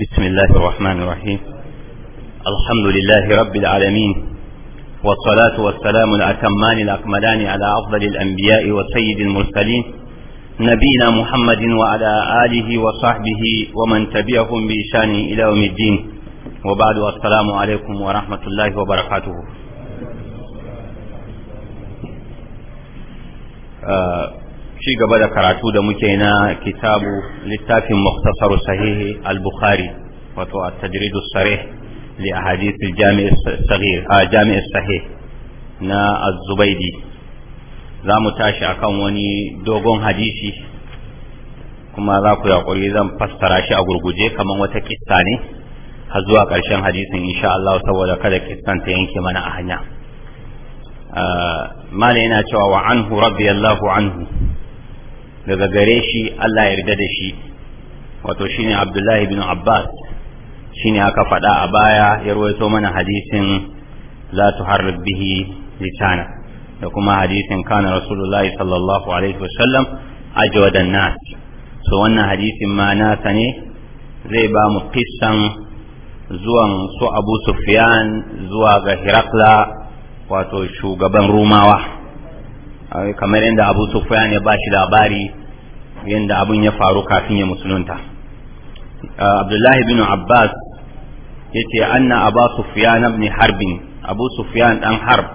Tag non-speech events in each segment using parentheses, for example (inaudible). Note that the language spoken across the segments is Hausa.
بسم الله الرحمن الرحيم الحمد لله رب العالمين والصلاة والسلام الأتمان الأكملان على أفضل الأنبياء وسيد المرسلين نبينا محمد وعلى آله وصحبه ومن تبعهم بإشان إلى يوم الدين وبعد السلام عليكم ورحمة الله وبركاته آه ci gaba da karatu da muke na kitabu littafin muktasar sahihi al-bukhari wato at-tajrid as-sarih li ahadith al-jami' as-saghir a jami' as na az-zubaydi za mu tashi akan wani dogon hadisi kuma za ku yaƙuri zan fassara shi a gurguje kamar wata kissa ne ha zuwa ƙarshen hadisin insha Allah saboda kada kissan ta yanke mana a hanya ما ah, yana cewa wa anhu الله anhu daga gare shi Allah ya yarda da shi wato shine Abdullahi bin Abbas shine aka faɗa a baya ya rawaito mana hadisin la tuharrib bihi litana da kuma hadisin kana rasulullahi sallallahu alaihi wasallam ajwadan nas so wannan hadisin ma nasa ne zai ba mu kissan zuwan su abu sufyan zuwa ga hirakla wato shugaban rumawa kamar yadda abu sufyan ya ba shi labari yadda abun ya faru kafin ya musulunta abdullahi bin abbas ya ce anna abu sufyan abin harbin abu sufyan dan harb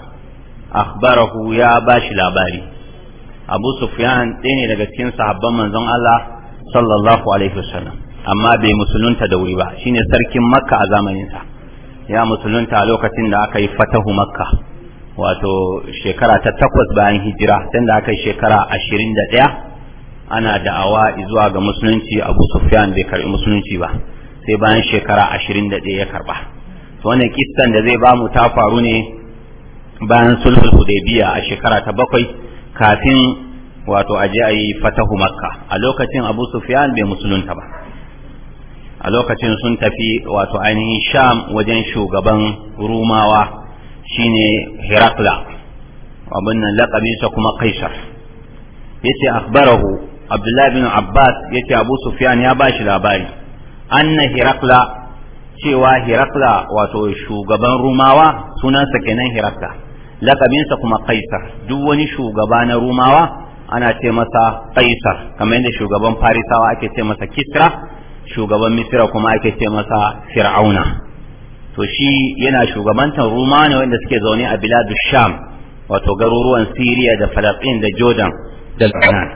akhbarahu ya ba shi labari abu sufyan ɗaya ne daga cikin sahabban manzon allah sallallahu alaihi wasallam amma bai musulunta da wuri ba shine sarkin makka a zamaninsa ya musulunta a lokacin da aka yi fatahu makka wato shekara ta takwas bayan hijira tun da aka shekara ashirin da ɗaya ana da'awa zuwa ga musulunci abu sufyan bai karɓi musulunci ba sai bayan shekara ashirin da ɗaya ya karɓa wannan kistan da zai bamu ta faru ne bayan sulhul hudaybiya a shekara ta bakwai kafin wato a je a yi fatahu makka a lokacin abu sufyan bai musulunta ba a lokacin sun tafi wato ainihin sham wajen shugaban rumawa shine Herakla abin nan laƙabinsa kuma Kaisar yace akhbarahu Abdullahi bin Abbas yace Abu Sufyan ya bashi labari anna Herakla cewa Herakla wato shugaban Rumawa sunansa kenan Herakla laƙabinsa kuma Kaisar duk wani shugaba na Rumawa ana ce masa Kaisar kamar yadda shugaban Farisawa ake ce masa Kisra shugaban Misira kuma ake ce masa Fir'auna to shi yana shugabantar rumani wanda suke zaune a biladu sham wato garuruwan siriya da falastin da jordan da lebanon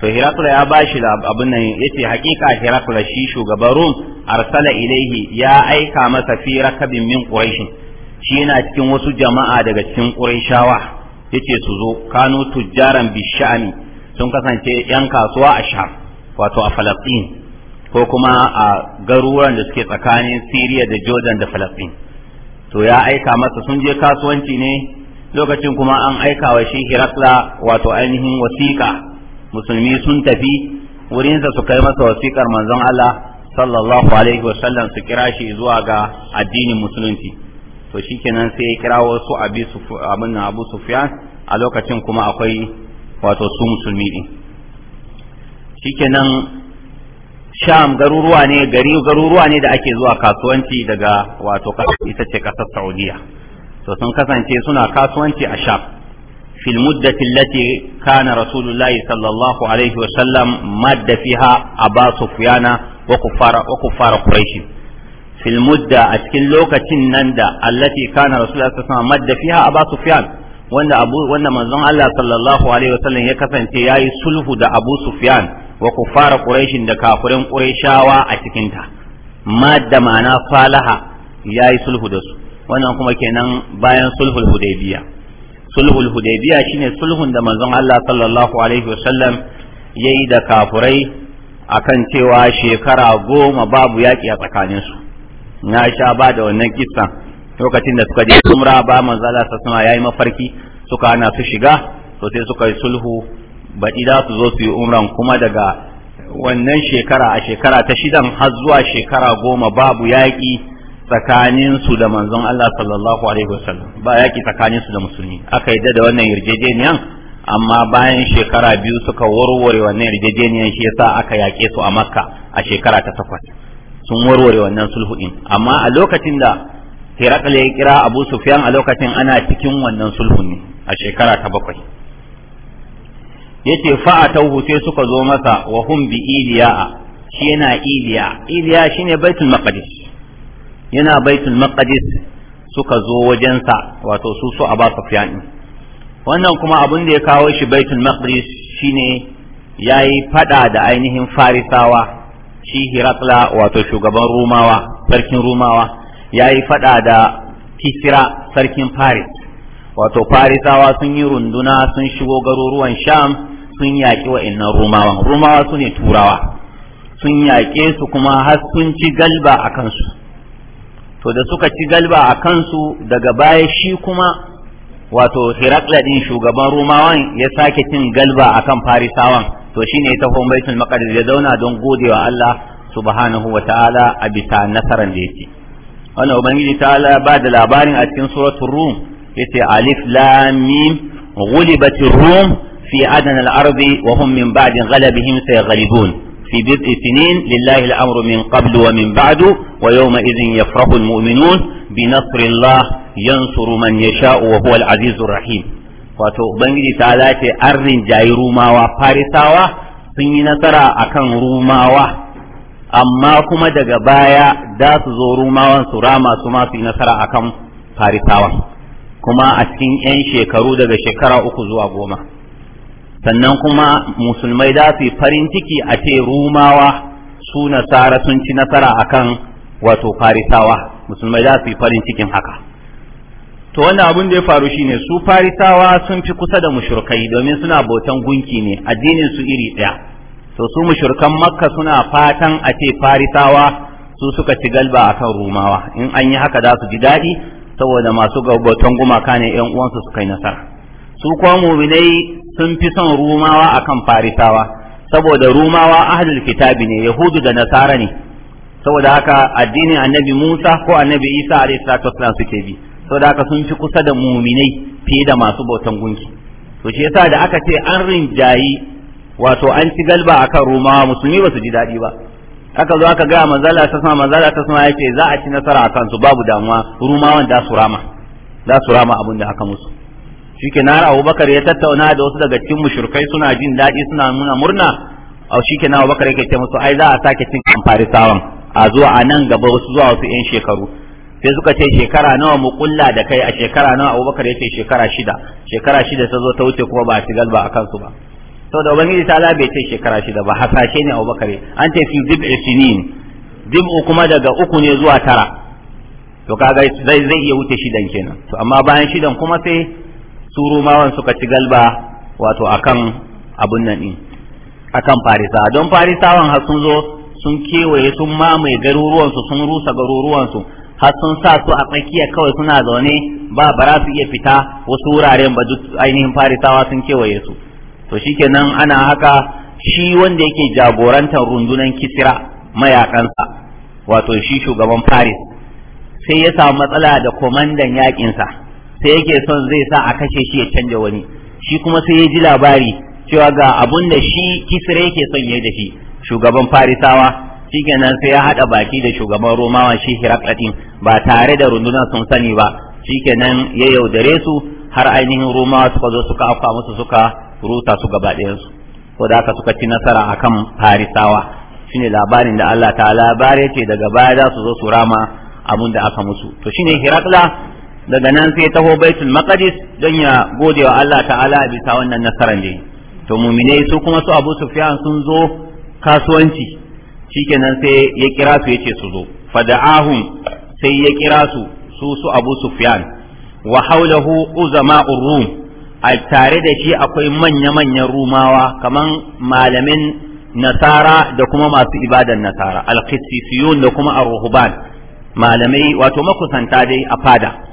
to hirakula ya ba shi abin nan ya ce hakika hirakula shi shugaban rum arsala ilaihi ya aika masa fi rakabin min quraishin shi yana cikin wasu jama'a daga cikin quraishawa yace su zo kanu tujjaran bishami sun kasance yan kasuwa a sham wato a falastin ko kuma a garuruwan da suke tsakanin Siriya da Jordan da Falasɗin to ya aika masa sun je kasuwanci ne lokacin kuma an aika wa shi Hirakla wato ainihin wasiƙa musulmi sun tafi wurinsa su kai masa wasiƙar manzon Allah sallallahu alaihi wa sallam su kira shi zuwa ga addinin musulunci to shikenan sai ya kirawo su Abu Sufyan a lokacin kuma akwai wato su musulmi din shikenan sham garuruwa ne gari garuruwa ne da ake zuwa kasuwanci daga wato ita ce kasar Sa'udiyya, to sun kasance suna kasuwanci a sham fil muddati allati kana rasulullah sallallahu alaihi wa sallam madda fiha aba sufyana wa kufara wa kufara quraish fil a cikin lokacin nan da allati kana rasulullah sallallahu alaihi madda fiha aba sufyan wanda abu wanda manzon Allah sallallahu alaihi wa sallam ya kasance yayi sulhu da abu sufyan wa fara quraishin da kafirin shawa a cikin ta da ma'ana salaha yayi sulhu da su wannan kuma kenan bayan sulhul hudaybiya sulhul hudaybiya shine sulhun da manzon Allah sallallahu alaihi wasallam yayi da kafirai akan cewa shekara goma babu yaki a tsakanin su na sha ba da wannan kissa lokacin da suka je umra ba manzo Allah sallallahu alaihi yayi mafarki suka ana su shiga to sai suka yi sulhu baɗi za su zo su yi umran kuma daga wannan shekara a shekara ta shidan har zuwa shekara goma babu yaƙi tsakanin su da manzon Allah sallallahu alaihi wasallam ba yaƙi tsakanin su da musulmi aka yi da wannan yarjejeniyan amma bayan shekara biyu suka warware wannan yarjejeniyan shi yasa aka yaƙe su a makka a shekara ta takwas sun warware wannan sulhu din amma a lokacin da Herakle ya kira Abu Sufyan a lokacin ana cikin wannan sulhu ne a shekara ta bakwai yace tauhu sai suka zo masa wa hum bi iliya shi yana iliya iliya shine baitul maqdis yana baitul maqdis suka zo wajensa wato su su aba sufyan wannan kuma abin da ya kawo shi baitul maqdis shine yayi fada da ainihin farisawa shi hirakla wato shugaban rumawa sarkin rumawa yayi fada da kisira sarkin faris wato farisawa sun yi runduna sun shigo garuruwan sham sun yaƙi wa'annan rumawa rumawa su ne turawa sun yaƙe su kuma har sun ci galba a kansu to da suka ci galba a kansu daga baya shi kuma wato hirakla din shugaban rumawan ya sake cin galba a kan farisawan to shine ta baitul maqdis ya zauna don godewa Allah subhanahu wa ta'ala a bisa nasaran da yake wannan ubangiji ta'ala ba da labarin a cikin suratul rum yace alif lam mim ghulibatir rum في أدنى الأرض وهم من بعد غلبهم سيغلبون في بضع سنين لله الأمر من قبل ومن بعد ويومئذ يفرح المؤمنون بنصر الله ينصر من يشاء وهو العزيز الرحيم wato ubangiji ta lace an rinjayi rumawa farisawa sun yi nasara akan rumawa amma kuma daga baya za su zo rumawan su rama su masu yi nasara akan farisawa kuma a cikin 'yan shekaru daga shekara uku zuwa goma sannan kuma musulmai za su yi farin ciki a ce rumawa su nasara sun ci nasara akan wato farisawa musulmai za su yi farin cikin haka to wannan abin da ya faru shine su farisawa sun fi kusa da mushurkai domin suna bautan gunki ne addinin su iri ɗaya to su mushurkan makka suna fatan a ce farisawa su suka ci galba akan rumawa in an yi haka za su ji daɗi saboda masu bautan gumaka ne yan uwansu suka yi nasara su kuma muminai sun fi son rumawa a kan farisawa saboda rumawa ahlul kitabi ne yahudu da nasara ne saboda haka addinin annabi Musa ko annabi Isa alaihi salatu wassalam suke bi saboda haka sun fi kusa da muminai fiye da masu bautan gunki to shi yasa da aka ce an rinjayi wato an ci galba akan rumawa musulmi ba su ji daɗi ba aka zo aka gaya manzala ta sama manzala ta sama yace za a ci nasara akan su babu damuwa rumawan da su rama za su rama abin da aka musu shikenan Abubakar ya tattauna da wasu daga cikin mushurkai suna jin daɗi suna nuna murna au na Abubakar yake ce musu ai za a sake cin sawan a zuwa a nan gaba wasu zuwa wasu yan shekaru sai suka ce shekara nawa mu kulla da kai a shekara nawa Abubakar ce shekara shida shekara shida ta zo ta wuce kuma ba a ci galba a kansu ba saboda ubangiji ta bai ce shekara shida ba hasashe ne Abubakar an ce fi dib'i sinin dib'u kuma daga uku ne zuwa tara to kaga zai zai iya wuce shidan kenan to amma bayan shidan kuma sai su rumawan suka ci galba wato akan abun nan din akan farisa don farisawan har sun zo sun kewaye sun mamaye garuruwansu sun rusa garuruwansu har sun sa su a tsakiya kawai suna zaune ba ba su iya fita wasu wuraren ba duk ainihin farisawa sun kewaye su to shikenan ana haka shi wanda yake jagorantar rundunan kisira mayakansa wato shi shugaban faris sai ya samu matsala da komandan yakinsa sai yake son zai sa a kashe shi ya canja wani shi kuma sai ya ji labari cewa ga abun da shi kisra yake son ya da shi shugaban farisawa shi kenan sai ya haɗa baki da shugaban romawa shi hirakladin ba tare da rundunar sun sani ba shi kenan ya yaudare su har ainihin romawa suka zo suka afka musu suka rusa su gaba ɗayansu ko da aka suka ci nasara akan farisawa shine labarin da Allah ta'ala bare ce daga baya za su zo su rama abun da aka musu to shine hirakla daga nan sai taho baitul maqdis don ya gode wa Allah ta'ala bisa wannan nasarar da to muminai su kuma su Abu Sufyan sun zo kasuwanci shikenan sai ya kira su yace su zo fada'ahum sai ya kira su su su Abu Sufyan wa haulahu uzama'ur rum a tare da shi akwai manya-manyan rumawa kaman malamin nasara da kuma masu ibadan nasara al da kuma ar-ruhban malamai wato makusanta dai a fada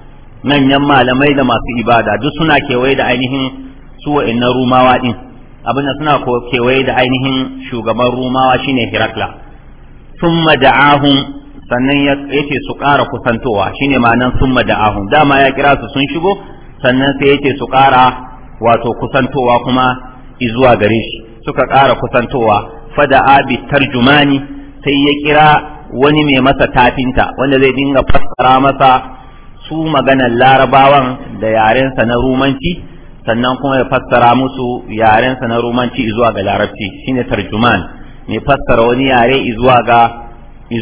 manyan malamai da masu ibada duk suna kewaye da ainihin su wa'annan rumawa din abinda suna kewaye da ainihin shugaban rumawa shine hirakla summa da'ahum sannan ya yace su ƙara kusantowa shine ma'anan summa da'ahum dama ya kira su sun shigo sannan sai yace su ƙara wato kusantowa kuma izuwa gare shi suka ƙara kusantowa fada'a bi tarjumani sai ya kira wani mai masa tafinta wanda zai dinga fassara masa su maganar larabawan da yarensa na rumanci sannan kuma ya fassara musu yarensa na rumanci zuwa ga larabci shine tarjuman mai fassara wani yare zuwa ga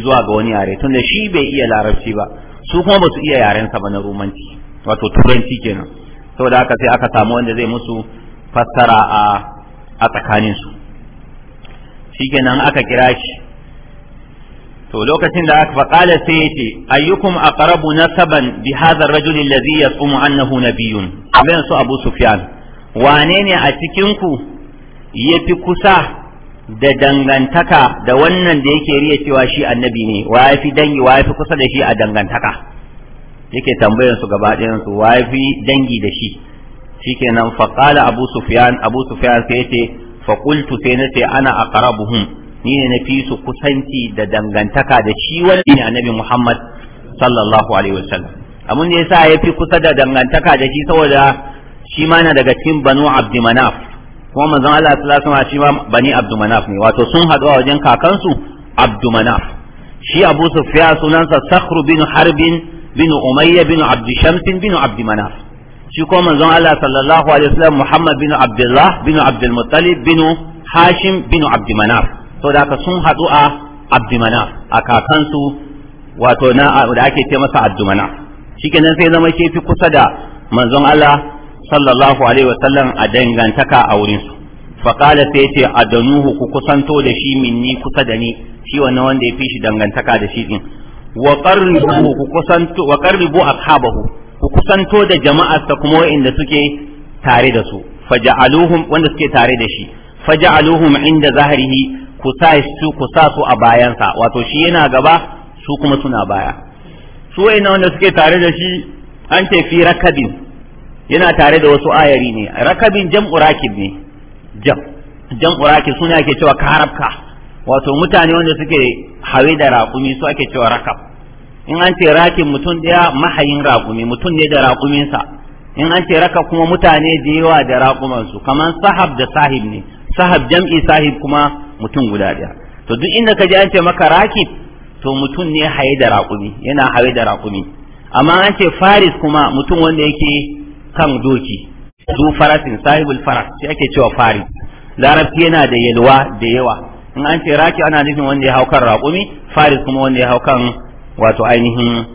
zuwa ga wani yare tunda shi bai iya larabci ba su kuma ba su iya yarensa ba na rumanci wato turanci kenan saboda haka sai aka samu wanda zai musu fassara a a shi kenan aka kira shi to lokacin da aka faƙala sai ya ce ayyukum aqrabu nasaban bi hadha ar-rajul alladhi yasumu annahu nabiyyun abin su Abu Sufyan wane ne a cikin ku yafi kusa da dangantaka da wannan da yake riya cewa shi annabi ne wa yafi dangi wa yafi kusa da shi a dangantaka yake tambayar su gaba ɗayan su wa yafi dangi da shi shikenan faqala Abu Sufyan Abu Sufyan sai ya ce fa qultu sai nace ana aqrabuhum ni ne na fi su kusanci da dangantaka da shi wani ne annabi Muhammad sallallahu alaihi wasallam amun ne yasa ya fi kusa da dangantaka da shi saboda shi ma na daga cikin banu abdi manaf kuma manzon Allah sallallahu alaihi wasallam shi ma bani abdu manaf ne wato sun haɗu a wajen kakansu abdu manaf shi Abu Sufyan sunansa Sakhru bin Harbin bin Umayya bin Abd Shams bin Abd Manaf shi kuma manzon Allah sallallahu alaihi wasallam Muhammad bin Abdullah bin Abdul Muttalib bin Hashim bin Abd Manaf da haka sun haɗu a abdumana a kakansu wato na da ake ce masa abdumana shikenan sai zama shi fi kusa da manzon Allah sallallahu alaihi wa wasallam a dangantaka a wurin su fa qala sai ce adanuhu ku kusanto da shi minni kusa da ni shi wannan wanda ya fi shi dangantaka da shi din wa qarribu ku kusanto wa qarribu ashabahu ku kusanto da jama'arsa kuma wa'inda suke tare da su faja'aluhum wanda suke tare da shi faja'aluhum inda zahrihi ku sa su ku sa su a bayansa wato shi yana gaba su kuma suna baya su wa'ina wanda suke tare da shi an ce fi rakabin yana tare da wasu ayari ne rakabin jam'u rakib ne jam jam'u rakib suna ake cewa karabka wato mutane wanda suke hawe da raƙumi su ake cewa rakab in an ce rakib mutum ɗaya mahayin raƙumi mutum ne da raƙuminsa in an ce raka kuma mutane da yawa da raƙumansu kamar sahab da sahib ne sahab jam'i sahib kuma mutum guda ɗaya to duk inda ka ji an ce maka rakib to mutum ne haye da raƙumi yana haye da raƙumi amma an ce faris kuma mutum wanda yake kan doki zu farasin sahibul faras shi ake cewa faris larabci yana da yalwa da yawa in an ce raki ana nufin wanda ya hau kan raƙumi faris kuma wanda ya hau wato ainihin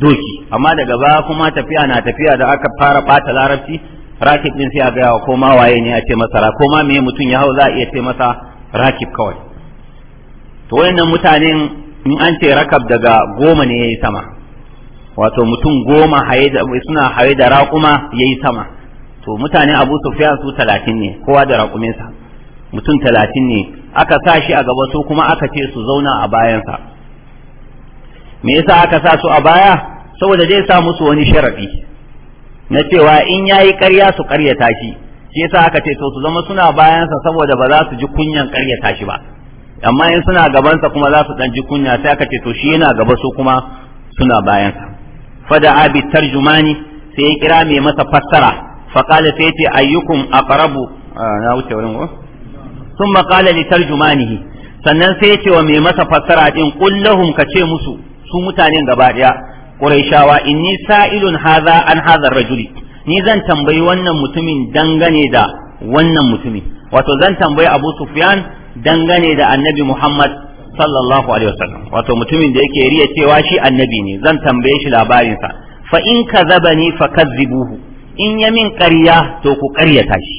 doki amma daga ba kuma tafiya na tafiya da aka fara bata larabci rakib din sai a gaya ko ma waye ne a ce masa ko ma me mutum ya hau za a iya ce masa rakib kawai to wayannan mutanen in an ce rakab daga goma ne yayi sama wato mutum goma suna haye da raƙuma yayi sama to mutane abu sufyan su talatin ne kowa da raƙuminsa mutum talatin ne aka sa shi a gaba su kuma aka ce su zauna a bayansa me yasa aka sa su a baya saboda zai sa musu wani sharafi na cewa in yayi ƙarya su ƙaryata shi shi yasa aka ce to su zama suna bayansa saboda ba za su ji kunyan karyata shi ba amma in suna gabansa kuma za su dan ji kunya sai aka ce to shi yana gaba su kuma suna bayansa fada abi tarjumani sai ya kira mai masa fassara fa qala sai ce ayyukum aqrabu ah, na wuce wurin ko thumma qala li tarjumanihi sannan sai ya ce wa mai masa fassara din qul ka ce musu su mutanen gaba daya quraishawa inni sa'ilun hadha an hadha rajuli ni zan tambayi wannan mutumin dangane da wannan mutumin wato zan tambayi Abu Sufyan dangane da Annabi Muhammad sallallahu alaihi wasallam wato mutumin da yake riya cewa shi annabi ne zan tambaye shi labarinsa fa in kazabani kazzibuhu in ya min ƙarya to ku ƙaryata shi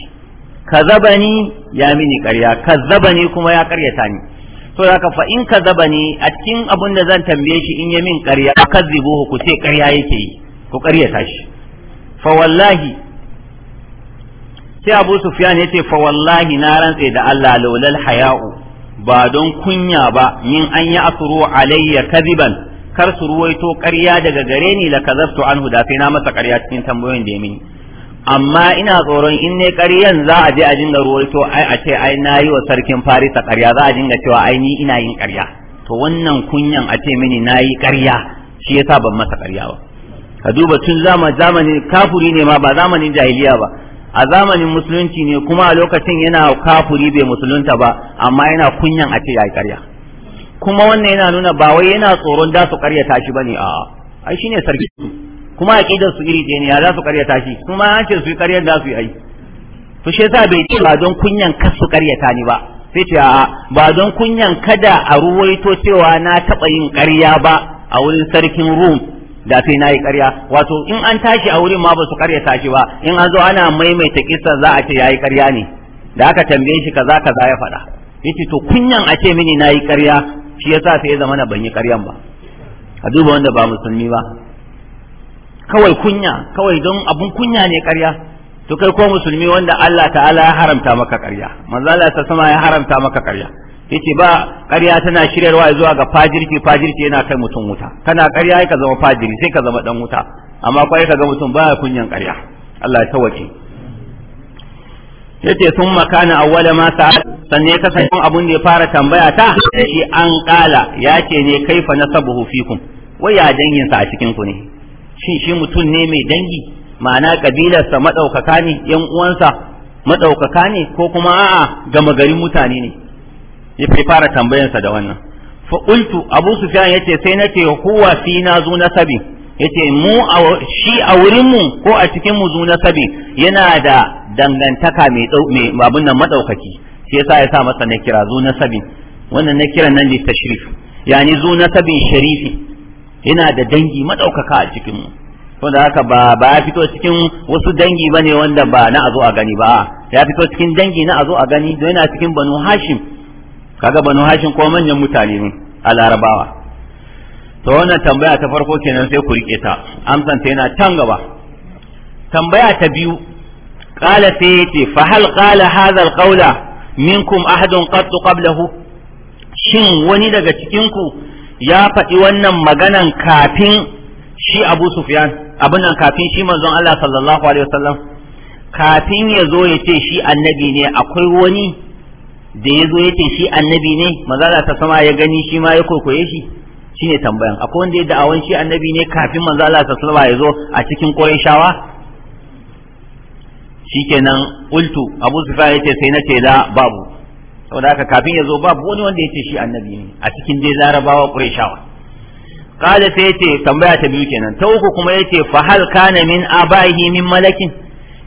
kazabani ya mini ƙarya kazabani kuma ya ƙaryata ni to haka fa in kazabani a cikin abunda zan tambaye shi in ya min ƙarya kazzibuhu ku ce ƙarya yake yi ku ƙaryata shi fa wallahi sai Abu Sufyan yace fa wallahi na rantse da Allah laulal haya'u ba don kunya ba yin an yi asuru alayya kadiban kar su ruwaito ƙarya daga gare ni la kazaftu anhu da sai na masa ƙarya cikin tambayoyin da ya mini amma ina tsoron in ne ƙaryan za a je a dinga ruwaito ai a ce ai na yi wa sarkin farisa ƙarya za a dinga cewa ai ni ina yin ƙarya to wannan kunyan a ce mini na yi ƙarya shi yasa ban masa ƙarya ba ka duba tun zamanin kafuri ne ma ba zamanin jahiliya ba a zamanin musulunci ne kuma a lokacin yana kafuri bai musulunta ba amma yana kunyan a ce ya karya kuma wannan yana nuna ba wai yana tsoron da su karya tashi bane a ai shine sarki kuma aqidar su iri ne ya za su karya tashi kuma an ce su yi karyar da su yi ai to shi yasa bai ce ba don kunyan kar su ta ni ba sai ce a ba don kunyan kada a ruwaito cewa na taɓa yin ƙarya ba a wurin sarkin rum da sai na yi karya wato in an tashi a wurin ma ba su ƙarya tashi ba in an zo ana maimaita kisa za a ce yayi karya ne da aka tambaye shi kaza kaza ya faɗa yace to kunyan a ce mini nayi ƙarya shi yasa sai ya zama na ban yi ƙaryan ba a duba wanda ba musulmi ba kawai kunya kawai don abun kunya ne karya. to kai ko musulmi wanda Allah ta'ala ya haramta maka ƙarya manzo Allah ta sama ya haramta maka karya. yace ba ƙarya tana shiryarwa zuwa ga fajirki fajirki yana kai mutum wuta kana ƙarya ka zama fajiri sai ka zama dan wuta amma kwai ka ga mutum ba ya kunyan ƙarya Allah ya tawace yace sun makana awwala ma sa'al sanne ka san abun da ya fara tambaya ta shi an kala yace ne kaifa nasabuhu fikum wai ya dangin sa a cikin ku ne shin shi mutum ne mai dangi ma'ana kabilarsa madaukaka ne yan uwansa madaukaka ne ko kuma a'a gama garin mutane ne ya fara tambayansa da wannan fa qultu abu sufyan yace sai nace huwa fi na zu nasabi yace mu shi a wurin mu ko a cikin mu zu nasabi yana da dangantaka mai mai babun nan madaukaki shi yasa ya sa masa na kira zu nasabi wannan na kiran nan ne tashrif yani zu nasabin sharifi yana da dangi madaukaka a cikin mu da haka ba ba ya fito cikin wasu dangi bane wanda ba na azo a gani ba ya fito cikin dangi na azo a gani don yana cikin banu hashim kaga banu hashim ko manyan mutane ne a larabawa to wannan tambaya ta farko kenan sai ku rike ta amsan ta yana can gaba tambaya ta biyu qala sai fa hal qala hadha al minkum ahadun qad qablahu shin wani daga cikin ku ya faɗi wannan maganan kafin shi Abu Sufyan abin kafin shi manzon Allah sallallahu alaihi wasallam kafin ya zo ya ce shi annabi ne akwai wani da ya zo ya ce shi annabi ne za ta sama ya gani shi ma ya kwaikwaye shi shine tambayan akwai wanda ya da'awan shi annabi ne kafin za ta sama ya zo a cikin shi shikenan ultu abu ya yace sai na ce la babu saboda haka kafin ya zo babu wani wanda yace shi annabi ne a cikin dai larabawa shawa. qala sai yace tambaya ta biyu kenan ta uku kuma yace fa hal kana min abaihi min malakin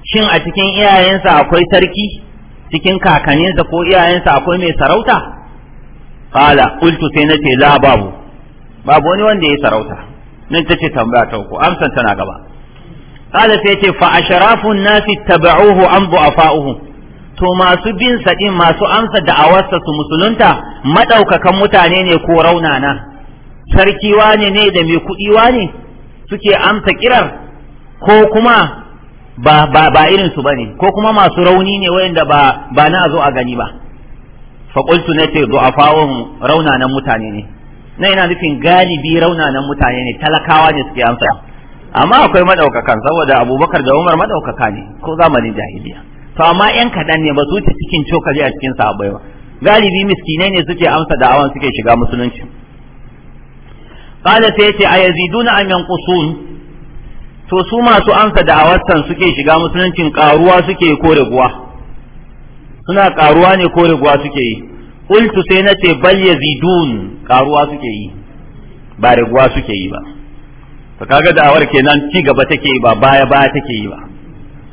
shin a cikin iyayensa akwai sarki cikin kakaninsa ko iyayensa akwai mai sarauta kala ultu sai nace la babu babu wani wanda ya sarauta nan tace tambaya ta uku amsan tana gaba kala sai yace fa ashrafun nasi tabauhu an du'afa'uhu to masu bin sa din masu amsa da awarsa su musulunta madaukakan mutane ne ko raunana sarki wane ne da mai kuɗi wane suke amsa kirar ko kuma ba ba ba irin su bane ko kuma masu rauni ne wayanda ba ba na zo a gani ba fa qultu nace du'afa'un raunanan mutane ne na yana nufin galibi raunanan mutane ne talakawa ne suke amsa amma akwai madaukakan saboda Abubakar da Umar madaukaka ne ko zamanin jahiliya to amma yan kadan ne ba su ta cikin cokali a cikin sahabbai ba galibi miskinai ne suke amsa da awan suke shiga musulunci qala sai yace ayaziduna an yanqusun to su masu ansa da'awarsan suke shiga musuluncin karuwa suke ko raguwa suna karuwa ne ko raguwa suke yi qultu sai ce bal yazidun karuwa suke yi ba raguwa suke yi ba to kaga da'awar kenan ci gaba take yi ba baya baya take yi ba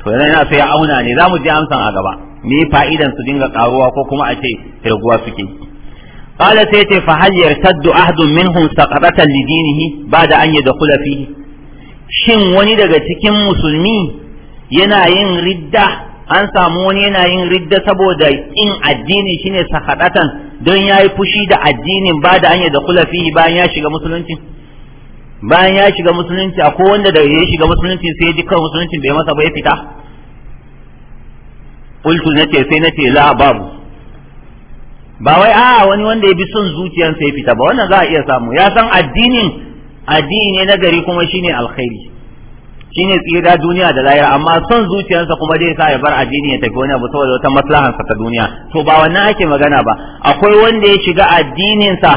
to yana yana sai auna ne zamu je amsan a gaba me fa'idan su dinga karuwa ko kuma a ce raguwa suke yi قال fa فهل يرتد أحد منهم سقطة ba da an yadkhula fihi shin wani daga cikin musulmi yana yin ridda an samu wani yana yin ridda saboda in addini shine sakadatan don ya yi fushi da addinin ba da anya da kula fihi bayan ya shiga musulunci bayan ya shiga musulunci akwai wanda da ya shiga musulunci sai ya ji kan musulunci bai masa ba ya fita qultu ce sai ce la babu ba wai a wani wanda ya bi son zuciyarsa ya fita ba wannan za a iya samu ya san addinin addini ne na gari kuma shine alkhairi shine tsira duniya da lahira amma son zuciyarsa kuma zai sa ya bar addini ya tafi wani abu saboda wata maslahansa ta duniya to ba wannan ake magana ba akwai wanda ya shiga addininsa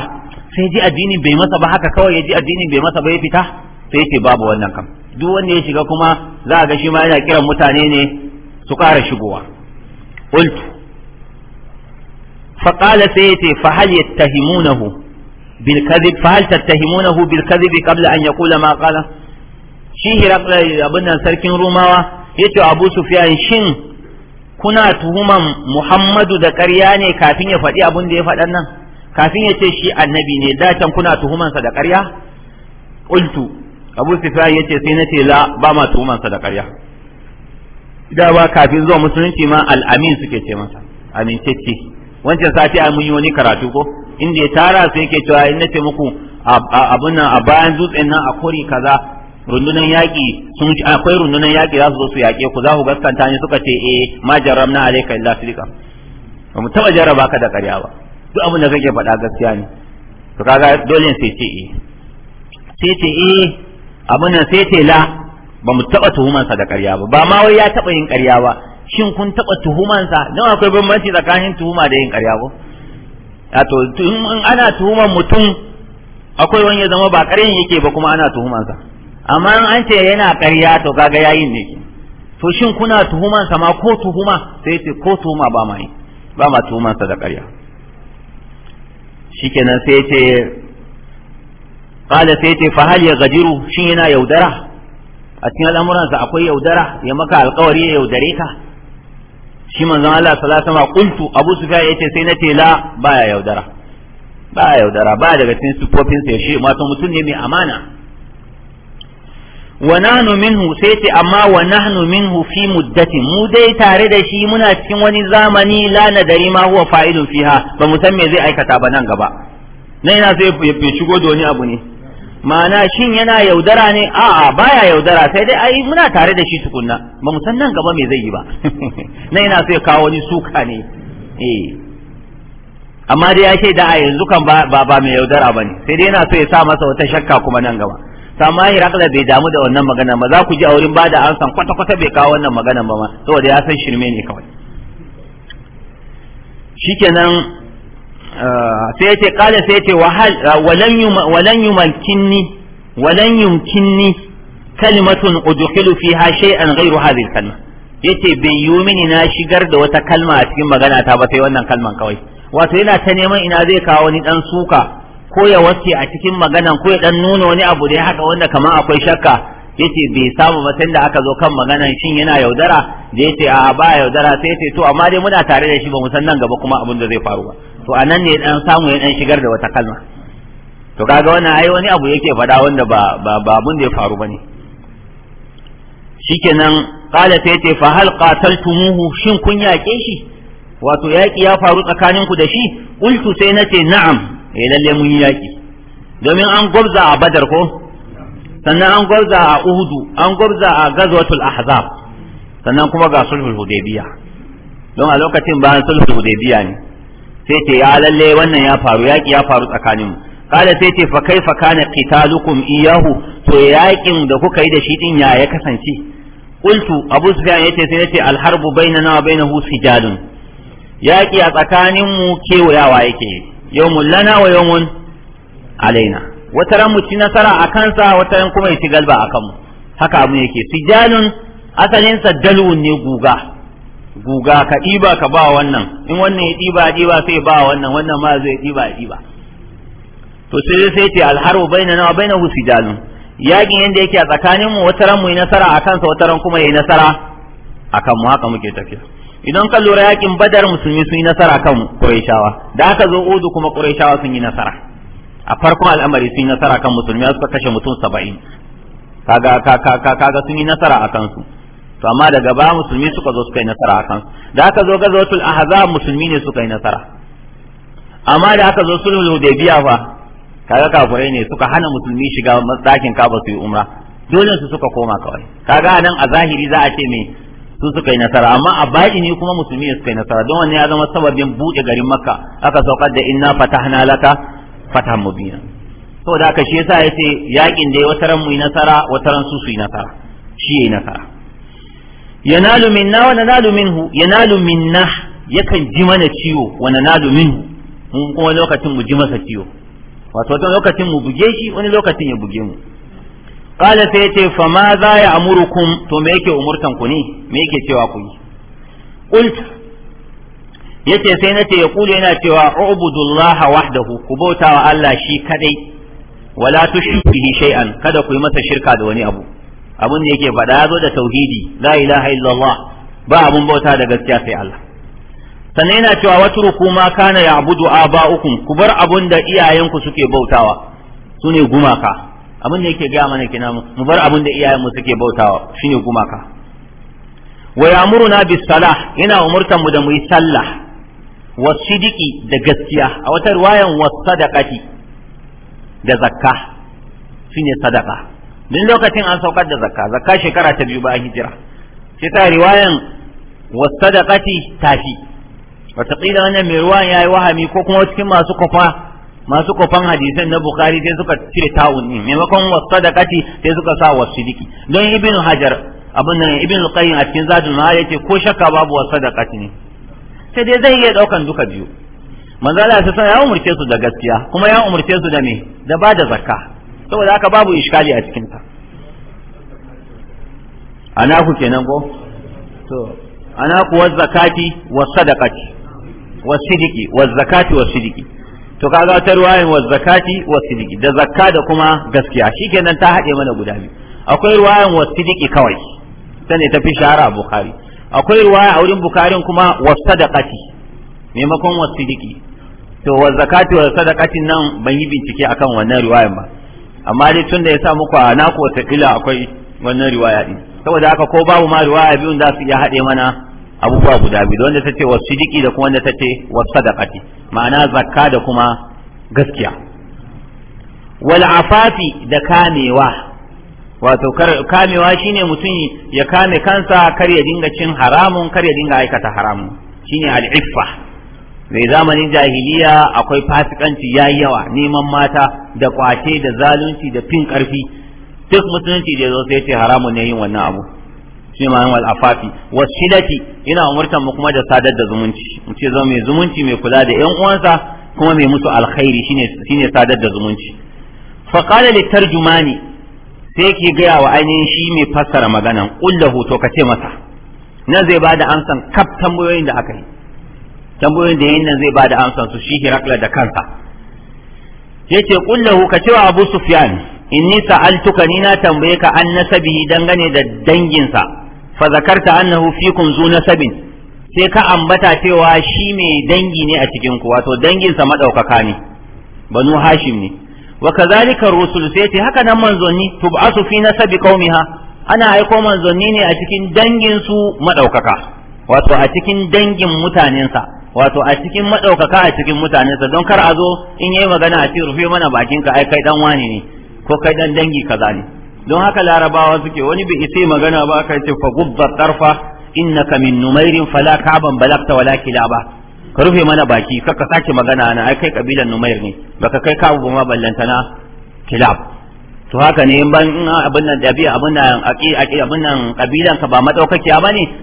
sai ji addini bai masa ba haka kawai ya ji addini bai masa ba ya fita sai ce babu wannan kam duk wanda ya shiga kuma za a ga shi ma yana kiran mutane ne su ƙara shigowa qultu faqala sai yace fa hal yattahimunahu بالكذب فهل تتهمونه بالكذب قبل أن يقول ما قاله شي هرقل أبنا سركن روماوة يتو أبو سفيان شن كنا تهما محمد دكرياني كافين يفتي أبن دي فتنا كافين يتشي النبي نداتا كنا تهما صدقريا قلت أبو سفيان يتي سينتي لا باما تهما صدقريا da ba kafin zuwa musulunci ma al'amin suke ce masa amintacce wancan sati a mun yi wani karatu ko inda ya tara sai yake cewa in nace muku abun nan a bayan dutsen nan a kori kaza rundunan yaƙi sun akwai rundunan yaƙi za su zo su yaƙe ku za ku gaskanta ne suka ce eh ma na alayka illa filika ba mu taba jarraba ka da ƙarya ba duk abin da kake faɗa gaskiya ne to kaga dole sai ce eh sai ce eh abin nan sai ce la ba mu taba tuhumansa da ƙarya ba ba ma wai ya taba yin ƙarya ba shin kun taba tuhumansa nawa akwai bambanci tsakanin tuhuma da yin ƙarya ba. to in ana tuhuman mutum akwai wani ya zama ba ƙarin yake ba kuma ana sa amma in an ce yana ƙarya to kaga yayin ne to shin kuna sa ma ko tuhuma sai ce ko tuhuma ba ma ba ma sa da ƙarya shikenan sai ce qala sai ce fa hal ya gajiru shin yana yaudara a cikin al'amuransa akwai yaudara ya maka alƙawari ya yaudare ka shi manzon Allah sallallahu alaihi wasallam qultu Abu Sufyan yace sai nace la baya yaudara baya yaudara baya daga cikin sufofin sa shi ma mutum ne mai amana wa nahnu minhu sai ce amma wa nahnu minhu fi muddati mu dai tare da shi muna cikin wani zamani la nadari ma huwa fa'ilun fiha ba mu san me zai aikata ba nan gaba nan ina zai ya shigo da wani abu ne ma'ana shin yana yaudara ne a'a baya yaudara sai dai ai muna tare da shi tukunna ba mu san nan gaba me zai yi ba (laughs) na yana so ya kawo wani suka ne eh amma dai ya ce da a yanzu kan ba ba mai yaudara bane sai dai yana so ya sa masa wata shakka kuma nan gaba amma Hirakla bai damu da wannan magana ba za ku ji a wurin ba da ansan kwata kwata bai kawo wannan magana ba ma saboda ya san shirme ne kawai shikenan sai ce qala sai ce wa hal walan walan yumkinni walan yumkinni kalimatun udkhilu fiha shay'an ghayru hadhihi kalma yace bai yi mini na shigar da wata kalma a cikin magana ta ba sai wannan kalman kawai wato yana ta neman ina zai kawo wani dan suka ko ya waske a cikin maganan ko ya dan nuna wani abu da haka wanda kamar akwai shakka yace bai samu ba sai da aka zo kan magana shin yana yaudara da yace a ba yaudara sai yace to amma dai muna tare da shi ba mu san nan gaba kuma abin da zai faru ba to anan ne dan samu ya dan shigar da wata kalma to kaga wannan ai wani abu yake faɗa wanda ba ba ba abun da ya faru bane shikenan qala sai ce fa hal qataltumuhu shin kun yaƙe shi wato yaƙi ya faru tsakaninku da shi qultu sai nace na'am eh lalle mun yaƙi domin an gwabza a badar ko sannan an gwabza a uhudu an gwabza a gazwatul ahzab sannan kuma ga sulhul hudaybiya don a lokacin bayan sulhul hudaybiya ne sai ce ya lalle wannan ya faru yaƙi ya faru tsakanin mu kala sai ce fa fa kana qitalukum iyahu to yaƙin da kuka yi da shi din ya ya kasance qultu abu sufyan yace sai yace al harbu bainana wa bainahu sijalun yaƙi a tsakanin mu kewayawa yake yawmul lana wa yawmun alaina wata ran mu ci nasara a kansa wata ran kuma ya ci galba a kanmu haka mu yake sijalun asalin sa dalun ne guga guga ka ɗiba ka ba wannan in wannan ya ɗiba ɗiba sai ba wannan wannan ma zai ɗiba ɗiba to sai sai ce alharu baina na baina hu sijalun yakin yanda yake a tsakanin mu ran mu yi nasara a kansa ran kuma yayi nasara akan mu haka muke tafiya idan ka lura yakin badar musulmi sun yi nasara kan qurayshawa da aka zo udu kuma qurayshawa sun yi nasara a farkon al'amari sun yi nasara kan musulmi suka kashe mutum saba'in kaga kaga kaga sun yi nasara a kansu to amma daga ba musulmi suka zo suka yi nasara a kansu da aka zo gazawatul ahzab musulmi ne suka yi nasara amma da aka zo sulhul hudaybiya fa kaga kafirai ne suka hana musulmi shiga masakin kaba su yi umra dole su suka koma kawai kaga nan a zahiri za a ce me su suka yi nasara amma a baki ne kuma musulmi suka yi nasara don wannan ya zama sababin buɗe garin makka aka saukar da inna fatahna laka fatah mubina saboda aka shi yasa yace yakin da wataran mu yi nasara wataran su su yi nasara shi yayi nasara yanalu minna wa nanalu minhu yanalu minna yakan ji mana ciwo wa nanalu minhu mun kuma lokacin mu ji masa ciwo wato wani lokacin mu buge shi wani lokacin ya buge mu qala sai yace fa ma za ya amurukum to me yake umurtan ku ne me yake cewa ku yi qult yace sai nace ya kula yana cewa ubudullah wahdahu ku bauta wa Allah shi kadai wala tushriku bihi shay'an kada ku yi masa shirka da wani abu abin da yake faɗa ya zo da tauhidi la ilaha illallah ba abun bauta da gaskiya sai Allah sannan yana cewa watruku ma kana ya'budu aba'ukum ku bar abun da iyayenku suke bautawa sune gumaka abin da yake gaya mana kina mu bar abin da iyayenmu suke bautawa shine gumaka wa ya'muruna bis salah yana umurtan mu da mu yi sallah wa sidiki da gaskiya a wata riwayan was sadaqati da zakka shine sadaqa duk lokacin an saukar da zakka zakka shekara ta biyu a hijira sai ta riwayan wasadaqati tafi wata kila wannan mai ruwan yayi wahami ko kuma cikin masu kofa masu kofan hadisan na bukhari sai suka cire ta'un din maimakon wasadaqati sai suka sa wasidiki don ibnu hajar abin nan ibnu qayyim a cikin zadul ma'ad yace ko shakka babu wasadaqati ne sai dai zai iya daukan duka biyu manzala sai sai ya umurce su da gaskiya kuma ya umurce su da me da bada zakka saboda haka babu iskali a cikin ta ana ku kenan ko to ana ku wa zakati wa sadaqati wa sidiki wa zakati wa sidiki to kaga ta ruwayin wa zakati wa sidiki da zakka da kuma gaskiya shikenan ta haɗe mana guda biyu akwai ruwayin wa sidiki kawai ta ne tafi shahara a bukhari akwai ruwaya a wurin bukarin kuma wa sadaqati maimakon wa sidiki to wa zakati wa sadaqatin nan ban yi bincike akan wannan ruwayan ba amma dai tun da ya sa muku a naku kila akwai wannan riwaya din saboda haka ko babu ma riwaya biyun za su iya haɗe mana abubuwa guda biyu wanda ta ce wasu sidiki da kuma wanda ta ce wasu ma'ana zakka da kuma gaskiya wal afafi da kamewa wato kamewa shine mutum ya kame kansa kar ya dinga cin haramun kar ya dinga aikata haramun shine al'iffa. mai zamanin jahiliya akwai fasikanci ya yawa neman mata da kwace da zalunci da fin karfi duk musulunci da zo sai ce haramun ne yin wannan abu shi ma wal afafi wasilati ina umurtan mu kuma da sadar da zumunci mu ce zama mai zumunci mai kula da yan uwansa kuma mai musu alkhairi shine shine sadar da zumunci fa qala ne sai ke gaya wa ainihin shi mai fassara magana. qul to ka ce masa nan zai bada amsan kaf tambayoyin da aka yi tambayoyin da yayin nan zai bada amsa su shi Hirakla da kansa yace ce lahu ka cewa Abu Sufyan inni sa'altuka ni na tambaye ka an nasabi dangane da danginsa fa zakarta annahu fikum zu nasabin sai ka ambata cewa shi mai dangi ne a cikin ku wato danginsa madaukaka ne banu Hashim ne wa kazalika rusul sai ce haka nan manzonni tub'asu fi nasabi qaumiha ana aiko manzonni ne a cikin dangin su madaukaka wato a cikin dangin mutanensa wato a cikin madaukaka a cikin mutanensa don kar a zo in yayi magana a ce rufe mana bakin ka ai kai dan wani ne ko kai dan dangi kaza ne don haka larabawa suke wani bai isa magana ba kai ce fa gubba tarfa innaka min numairin fala kaban balagta wala kilaba ka rufe mana baki ka sake magana ana ai kai kabilan numair ne baka kai kabu ba ma ballantana kilab to haka ne in ban abin nan dabi'a abin nan aqi abin nan kabilan ka ba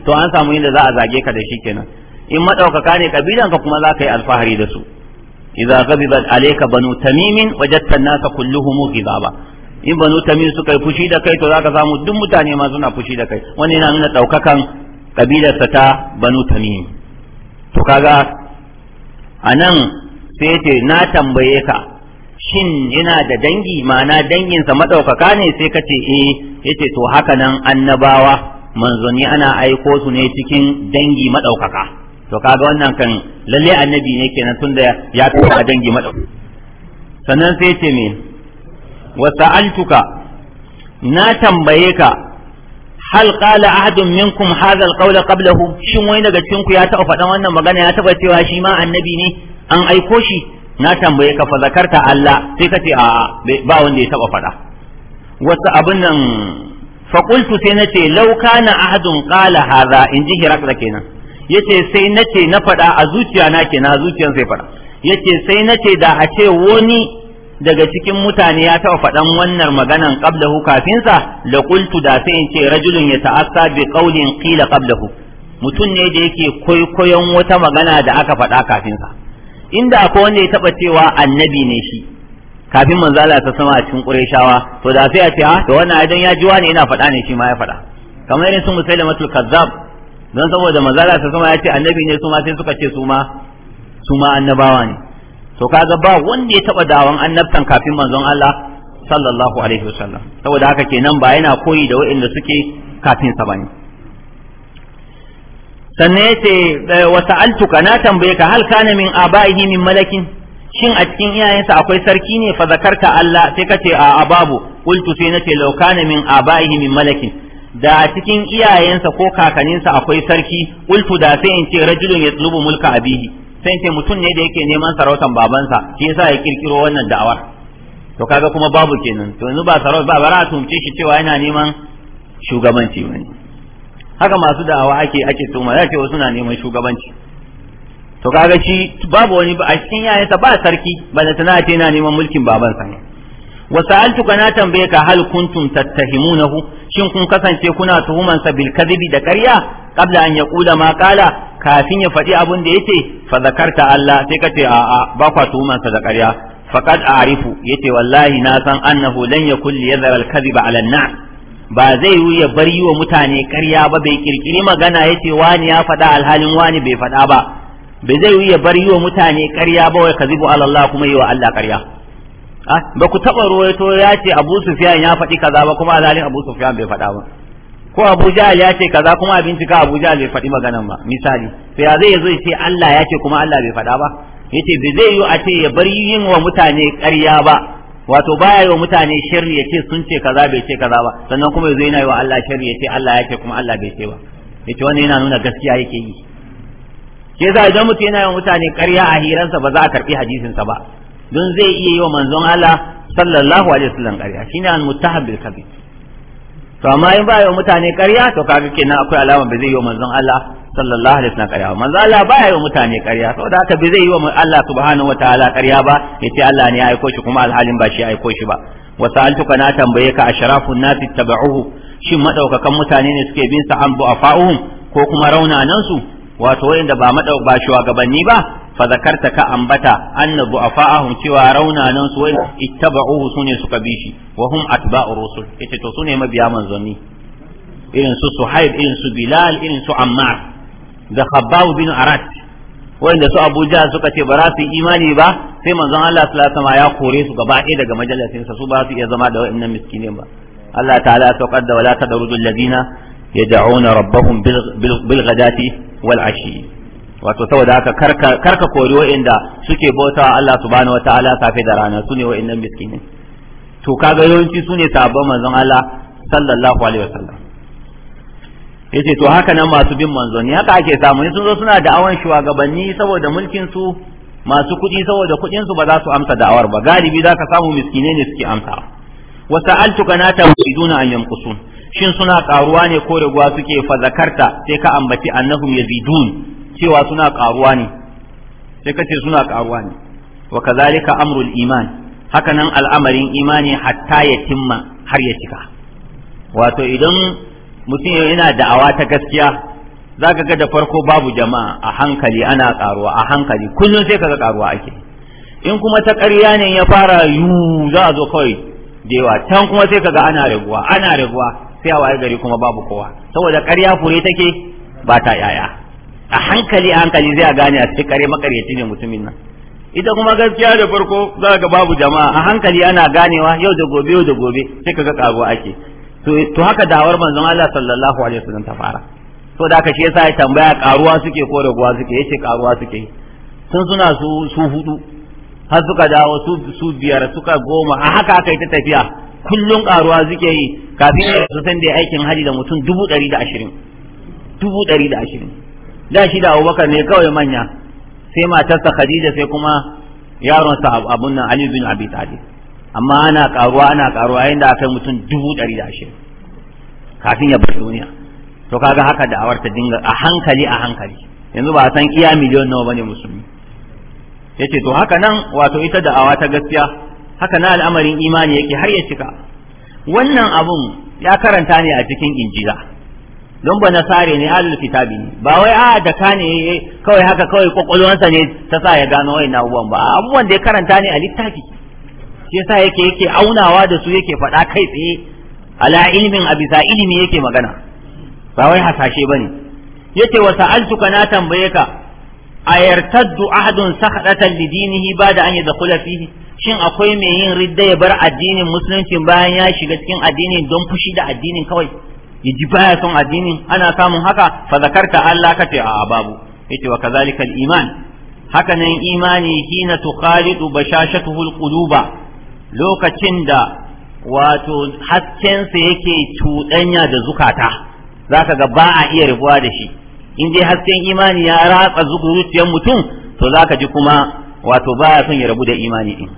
to an samu inda za a zage ka da shi kenan in maɗaukaka ne kabilan ka kuma zaka yi alfahari da su idza ghadiba alayka banu tamim wajadta an-nasa kulluhum ghidaba in banu tamim suka yi fushi da kai to zaka samu duk mutane ma suna fushi da kai wannan yana nuna daukakan kabilar ta banu tamim to kaga anan sai ce na tambaye ka shin yana da dangi ma'ana danginsa madaukaka ne sai ka ce eh yace to haka nan annabawa ni ana aiko su ne cikin dangi madaukaka to kaga wannan kan lalle annabi ne kenan tunda ya fi a dangi madau sannan sai ce me wa sa'altuka na tambaye ka hal qala ahadun minkum hadha alqawla qablahu shin wani daga cikin ku ya taɓa faɗan wannan magana ya taɓa cewa shi ma annabi ne an aiko shi na tambaye ka fa zakarta Allah sai ka ce a ba wanda ya taɓa faɗa wasu abin nan fa qultu sai nace law kana ahadun qala hadha in ji hirakla kenan yace sai nace na faɗa a zuciya na ke a zuciyan sai faɗa yace sai nace da a ce wani daga cikin mutane ya taɓa faɗan wannan maganan qablahu kafinsa la qultu da sai in ce rajulun ya ta'assa bi qawlin qila qablahu mutum ne da yake kwaikwayon wata magana da aka faɗa kafinsa inda akwai wanda ya taɓa cewa annabi ne shi kafin manzo Allah ta sama a cikin Qurayshawa to da sai a ce ha ah, to wannan idan ya ji wani yana faɗa ne shi ma ya faɗa kamar irin su musailamatul kazzab don saboda manzala ta sama ya ce annabi ne su ma sai suka ce su ma su ma annabawa ne to kaga ba wanda ya taba dawon annabtan kafin manzon Allah sallallahu alaihi wasallam saboda haka kenan ba yana koyi da waɗanda suke kafin sa bane sannan yace eh, wa sa'altuka na tambaye ka hal kana min abaihi min malakin shin a cikin iyayensa akwai sarki ne fa zakarta Allah sai kace a ababu qultu sai nace law kana min abaihi min malakin da a cikin iyayensa ko kakaninsa akwai sarki ultu da sai in ce rajulun ya yatlubu mulka abihi sai in ce mutum ne da yake neman sarautan babansa shi yasa ya kirkiro wannan da'awar to kaga kuma babu kenan to yanzu ba sarauta ba bara a tumce shi cewa yana neman shugabanci bane haka masu da'awa ake ake tuma ma yake wasu na neman shugabanci to kaga shi babu wani a cikin yayansa ba sarki ba da tana ce yana neman mulkin babansa ne wa sa'altuka na tambaye ka hal kuntum tattahimunahu shin kun kasance kuna tuhuman sa bil da ƙarya Kabla an yaqula ma qala kafin ya faɗi abin da yace fa zakarta Allah sai ka ce a'a ba kwa tuhuman da ƙarya faqad a'rifu yace wallahi na san annahu lan yakul yadhara al kadhiba ala an-nas ba zai yi ya bar yi wa mutane ƙarya ba bai kirkiri magana yace wani ya faɗa alhalin wani bai faɗa ba bai zai yi ya bar yi wa mutane ƙarya ba wai kadhibu ala Allah kuma yi wa Allah ƙarya Ah, ba ku taba ruwaito ya ce Abu Sufyan ya faɗi kaza ba kuma alalin Abu Sufyan bai faɗa ba ko Abu Jahl ya ce kaza kuma a bincika Abu Jahl bai faɗi maganan ba misali to ya zai zo ya ce Allah ya ce kuma Allah bai faɗa ba yace bai zai yi a ce ya bar yin wa mutane ƙarya ba wato baya yi wa mutane sharri ya ce sun ce kaza bai ce kaza ba sannan kuma ya zo yana yi wa Allah sharri ya ce Allah ya ce kuma Allah bai ce ba yace wannan yana nuna gaskiya yake yi ke za idan mutum yana yi wa mutane ƙarya a hirarsa ba za a karɓi hadisinsa ba don zai iya yi wa manzon Allah sallallahu alaihi wasallam ƙarya shine al muttahab bil kadhib to amma in ba yi mutane ƙarya to kaga kenan akwai alama ba zai yi wa manzon Allah sallallahu alaihi wasallam ƙarya manzon Allah ba ya mutane ƙarya da haka ba zai yi wa Allah subhanahu wataala ƙarya ba yace Allah ne ya aiko shi kuma alhalin ba shi ya aiko shi ba wa sa'altuka na tambaye ka asharafun nasi tabauhu shin madaukakan mutane ne suke bin sa an afa'uhum ko kuma raunanan su wato wanda ba madau ba shugabanni ba fa zakarta ka ambata anna du'afa'ahum cewa raunanan su wai ittaba'uhu sune suka bi shi wa hum atba'u rusul yace to sune mabiya manzanni irin su Suhaib irin su Bilal irin su Ammar da Khabbab bin Arat wanda su Abuja suka ce ba za su yi imani ba sai manzon Allah sallallahu alaihi ya kore su gaba ɗaya daga majalisinsa su ba su iya zama da wa'annan miskine ba Allah ta'ala ya saukar da wala tadarujul ladina yad'una rabbahum bil ghadati wal ashi wato saboda haka karka karka kori wa'inda suke bautawa Allah subhanahu wataala safe da rana su sune wa'innan miskinin to kaga yawanci su ne sabon manzon Allah sallallahu alaihi wasallam yace to haka nan masu bin ne haka ake samu sun zo suna da da'awan shugabanni saboda mulkin su masu kuɗi saboda kuɗin su ba za su amsa da'awar ba galibi za ka samu miskine ne suke amsa wa sa'altuka na tawiduna an yanqusun shin suna karuwa ne ko raguwa suke fa zakarta sai ka ambaci annahum yazidun cewa suna karuwa ne sai kace suna karuwa ne wa kazalika amrul iman hakanan al'amarin imani hatta ya timma har ya cika wato idan mutum yana da'awa ta gaskiya zaka ga da farko babu jama'a a hankali ana karuwa a hankali kullum sai kaga karuwa ake in kuma ta ƙarya ne ya fara yu za a zo kawai dewa can kuma sai kaga ana raguwa ana raguwa sai a waye gari kuma babu kowa saboda ƙarya fure take ba ta yaya a hankali a hankali zai gane a cikin kare makaryaci ne mutumin nan ita kuma gaskiya da farko za ga babu jama'a a hankali ana ganewa yau da gobe yau da gobe sai ga kago ake to haka dawar manzon Allah sallallahu alaihi wasallam ta fara to da ka shi yasa ya tambaya karuwa suke ko raguwa suke yace karuwa suke sun suna su su hudu har suka dawo su su biyar suka goma a haka aka yi ta tafiya kullun karuwa suke yi kafin ya san da aikin haji da mutum dubu ɗari da ashirin dubu ɗari da ashirin da shi da abubakar ne kawai manya sai matarsa khadija sai kuma yaron sa abun nan ali bin abi talib amma ana karuwa ana karuwa yayin da aka mutum dubu ɗari da ashirin kafin ya bar duniya to kaga haka da'awar ta dinga a hankali a hankali yanzu ba a san iya miliyon nawa bane musulmi yace to haka nan wato ita da'awa ta gaskiya haka na al'amarin imani yake har ya cika wannan abun ya karanta ne a cikin injila don ba nasare ne alul kitabi ne ba wai a ah, da ka ne eh, kawai haka kawai kwakwalwansa ne ta sa ya gano wai abubuwan ba abubuwan da ya karanta ne a littafi shi yasa yake yake aunawa da su yake faɗa kai tsaye ala ilmin a bisa ilimi yake magana ba wai hasashe bane yake wa sa'altuka na tambaye ka ayartaddu ahadun sakhdatan lidinihi bada an yadkhula fihi shin akwai mai yin ridda ya bar addinin musulunci bayan ya shiga cikin addinin don fushi da addinin kawai yaji baya son addinin ana samun haka fa zakarta Allah kace a babu yace wa kazalikal iman haka nan imani hina tukhalidu bashashatuhul quluba lokacin da wato haskensa yake cuɗanya da zukata zaka ga ba a iya rubuwa da shi in dai hasken imani ya ratsa zuciyar mutum to zaka ji kuma wato baya son ya rabu da imani din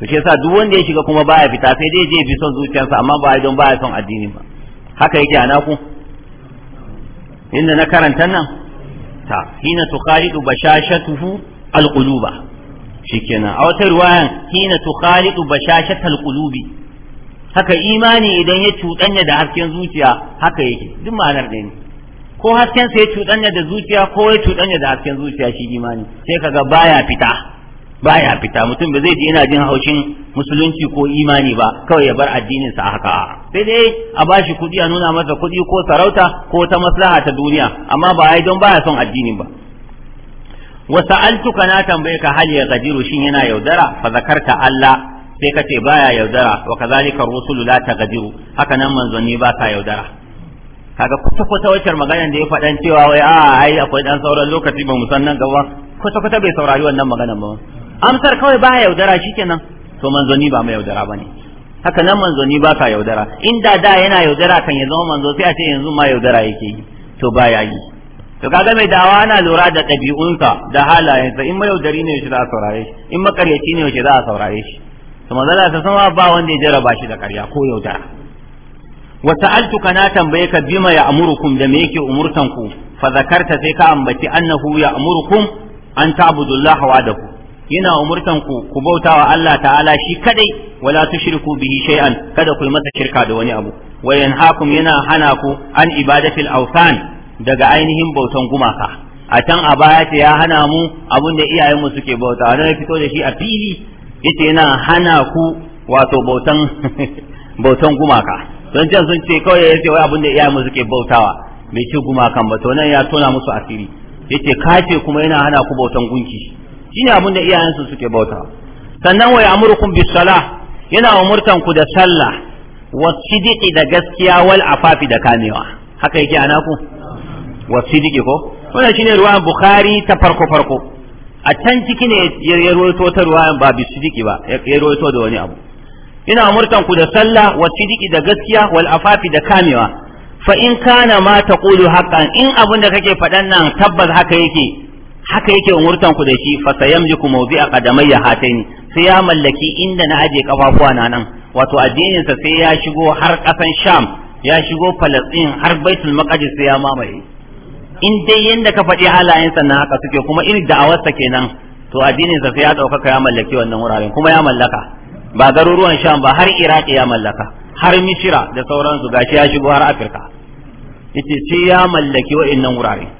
to shi yasa duk wanda ya shiga kuma baya fita sai dai je bi son zuciyarsa amma ba don baya son addini ba haka yake a naku inda na karanta nan ta hina tukhalidu bashashatuhu alquluba shikenan a wata ruwayan hina tukhalidu bashashatal qulubi haka imani idan ya cuɗanya da hasken zuciya haka yake duk ma'anar ɗaya ne ko hasken sa ya cuɗanya da zuciya ko ya cuɗanya da hasken zuciya shi imani sai kaga baya fita baya fita mutum ba zai ji ina jin haushin musulunci ko imani ba kawai ya bar addinin sa haka sai dai a bashi kuɗi a nuna masa kuɗi ko sarauta ko ta maslaha ta duniya amma ba ai don baya son addinin ba wa sa'altuka na tambaye ka hal ya gajiru shin yana yaudara fa zakarta Allah sai kace baya yaudara wa kazalika rusulu la gajiru? haka nan manzanni ba sa yaudara kaga kuta kuta wacce magana da ya faɗan cewa wai a ah, ai akwai dan sauran lokaci ba mu san nan gaba kuta kuta bai saurari wannan magana ba amsar kawai ba yaudara shikenan to manzoni ba mai yaudara bane haka nan manzoni ba ka yaudara inda da yana yaudara kan ya zama manzo sai a ce yanzu ma yaudara yake yi to ba ya yi to kaga mai dawa ana lura da ɗabi'unsa da halayensa in mayaudari ne shi za a saurare shi in makaryaci ne shi za a saurare shi to manzo ta sama ba wanda ya jaraba shi da karya ko yaudara wa sa'altuka na tambaye ka bima ya amurukum da me yake umurtan ku fa zakarta sai ka ambaci annahu ya amurukum an wa da ku. yana umurtan ku ku bautawa Allah ta'ala shi kadai wala tushriku bihi shay'an kada ku masa shirka da wani abu Wayan yanhaakum yana hana ku an ibadatil awthan daga ainihin bautan gumaka a can a baya ce ya hana mu abin da iyayenmu suke bauta don ya fito da shi a fili yace yana hana ku wato bautan (laughs) bautan gumaka don can sun ce kawai yace wai abin da iyayenmu suke bautawa mai ce gumakan ba to nan ya tona musu asiri yace kace kuma yana hana ku bautan gunki ne abin da iyayensu suke bauta sannan wa amurkun bisala yana umurtan ku da sallah wa sidiqi da gaskiya wal afafi da kamewa haka yake ana ku wa sidiqi ko wannan shine ruwan bukhari ta farko farko a can ciki ne ya rawaito ta ruwan ba bi sidiqi ba ya rawaito da wani abu ina umurtan ku da sallah wa sidiqi da gaskiya wal afafi da kamewa fa in kana ma taqulu haqqan in abin da kake faɗan nan tabbas haka yake haka yake umurtan ku da shi fa sayamliku mawdi'a qadamayya hataini sai ya mallaki inda na aje kafafuwa na nan wato addinin sa sai ya shigo har kasan sham ya shigo falastin har baitul maqdis sai ya mamaye in dai yanda ka faɗi halayen sa na haka suke kuma irin da'awarsa kenan to addinin sa sai ya dauka ya mallaki wannan wuraren kuma ya mallaka ba garuruwan sham ba har iraq ya mallaka har misira da sauransu gashi ya shigo har afirka yace sai ya mallaki wa'annan wurare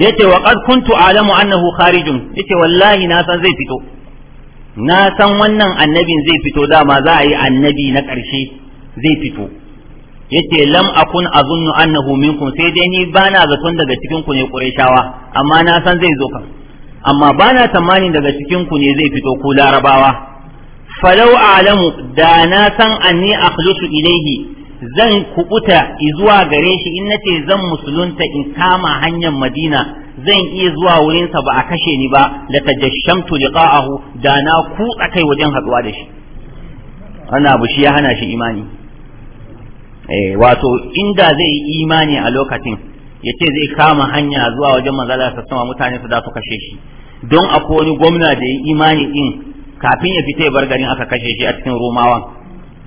yace wa qad kuntu alamu annahu kharijun yace wallahi na san zai fito na san wannan annabin zai fito dama za a yi annabi na ƙarshe zai fito yace lam akun azunnu annahu minkum sai dai ni bana zaton daga cikin ku ne qurayshawa amma na san zai zo kan amma bana tamani daga cikin ku ne zai fito ko larabawa falau a'lamu da na san anni akhlusu ilayhi zan kubuta zuwa gare shi in nace zan musulunta in kama hanyar madina zan iya zuwa wurinsa ba a kashe ni ba la tajashamtu liqa'ahu da na kutsa kai wajen haduwa da shi ana abu shi ya hana shi imani eh wato inda zai imani a lokacin yace zai kama hanya zuwa wajen manzala sa sama mutane su za su kashe shi don akwai wani gwamna da ya imani din kafin ya fita ya bar garin aka kashe shi a cikin romawan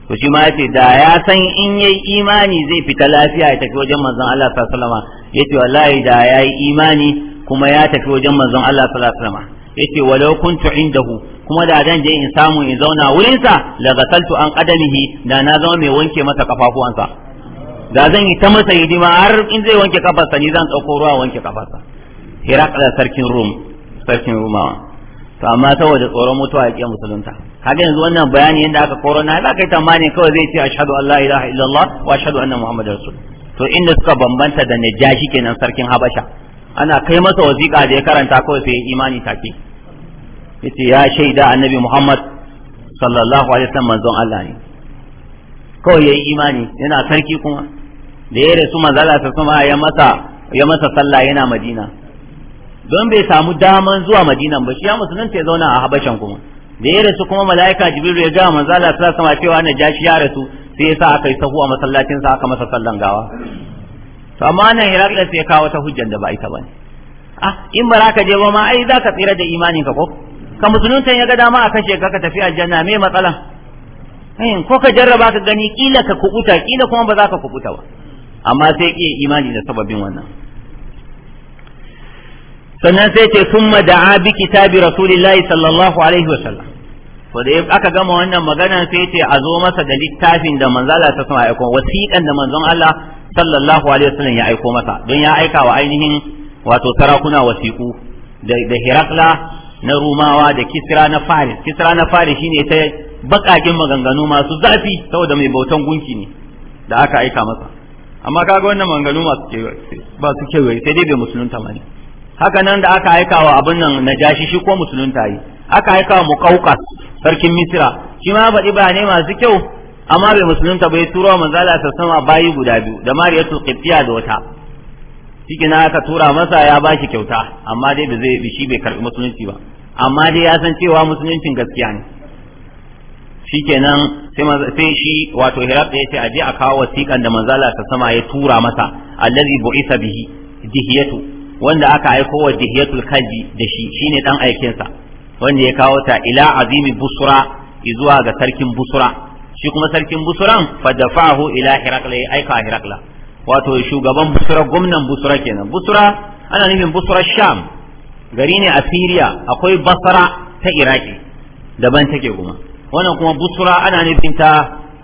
to shi ma yace da ya san in yayi imani zai fita lafiya ya tafi wajen manzon Allah sallallahu alaihi wasallam yace wallahi da yayi imani kuma ya tafi wajen manzon Allah sallallahu alaihi wasallam yace walau kuntu indahu kuma da dan je in samu in zauna wurin sa la gasaltu an qadamihi da na zama mai wanke masa kafafuwansa da zan yi ta masa hidima har in zai wanke kafarsa ni zan dauko ruwa wanke kafarsa hirakla sarkin rum sarkin rumawa to amma saboda tsoron mutuwa ya musulunta kaga yanzu wannan bayani yadda aka koro na za ka yi tamani kawai zai ce ashhadu allah ilaha illallah wa ashhadu anna muhammadar rasul to inda suka bambanta da najashi kenan sarkin habasha ana kai masa wasiƙa da ya karanta kawai sai imani take yace ya shaida annabi muhammad sallallahu alaihi wasallam manzon Allah ne kawai yayi imani yana sarki kuma da ya rasu manzala ta sama ya masa ya masa sallah yana madina don bai samu daman zuwa madinan ba shi ya musulunta ya zauna a habashan kuma da ya rasu kuma mala'ika jibril ya ga manzo Allah sallallahu alaihi wasallam cewa najashi ya rasu sai ya sa aka yi sahu a masallacin sa aka masa sallan gawa to amma nan Herakles ya kawo ta hujjan da ba ita bane ah in ba ka je ba ma ai za ka tsira da imanin ka ko ka musulun musulunta ya ga dama a kashe ka ka tafi aljanna me matsala ayin eh, ko ka jarraba ka gani kila ka kubuta kila kuma ba za ka kubuta ba amma sai ki imani da sababin wannan sannan sai ce summa da'a bi kitabi rasulillahi sallallahu alaihi wa sallam to da aka gama wannan magana sai ce a zo masa da littafin da manzo Allah ta sama aiko wasiƙan da manzon Allah sallallahu alaihi wa sallam ya aiko masa don ya aika wa ainihin wato sarakuna wasiƙu da Hirakla na Rumawa da Kisra na Faris Kisra na Faris shine ta bakakin maganganu masu zafi saboda mai bautan gunki ne da aka aika masa amma kaga wannan maganganu masu kewaye ba su kewaye sai dai bai musulunta ba ne haka nan da aka aika wa abin nan najashi shi ko musulun yi aka aika wa muqawqas sarkin Misira shi ma ba bayanai masu kyau amma bai musulunta bai turo wa manzala ta sama bayi guda biyu da mariyatu qibtiya da wata shi na aka tura masa ya ba shi kyauta amma dai ba zai shi bai karbi musulunci ba amma dai ya san cewa musuluncin gaskiya ne shikenan sai shi wato hirab da ce aje a kawo wasiƙan da manzala ta sama ya tura masa allazi bu'isa bihi dihiyatu wanda aka aiko wa dihiyatul kalbi da shi shine dan aikinsa wanda ya kawo ta ila azimi busra zuwa ga sarkin busra shi kuma sarkin busran fa dafahu ila hirakla ya aika hirakla wato shugaban busra gwamnan busra kenan busra ana nufin busra sham gari ne a syria akwai basra ta iraki daban take kuma wannan kuma busra ana nufin ta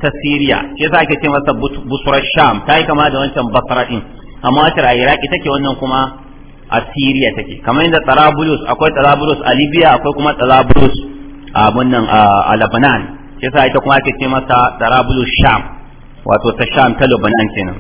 ta syria shi yasa ake ce masa busra sham ta yi kama da wancan basra din amma wata iraki take wannan kuma a Syria take kamar yadda Tarabulus akwai Tarabulus a Libya akwai kuma Tarabulus a wannan a Lebanon shi yasa ita kuma ake ce masa Tarabulus Sham wato ta Sham ta Lebanon kenan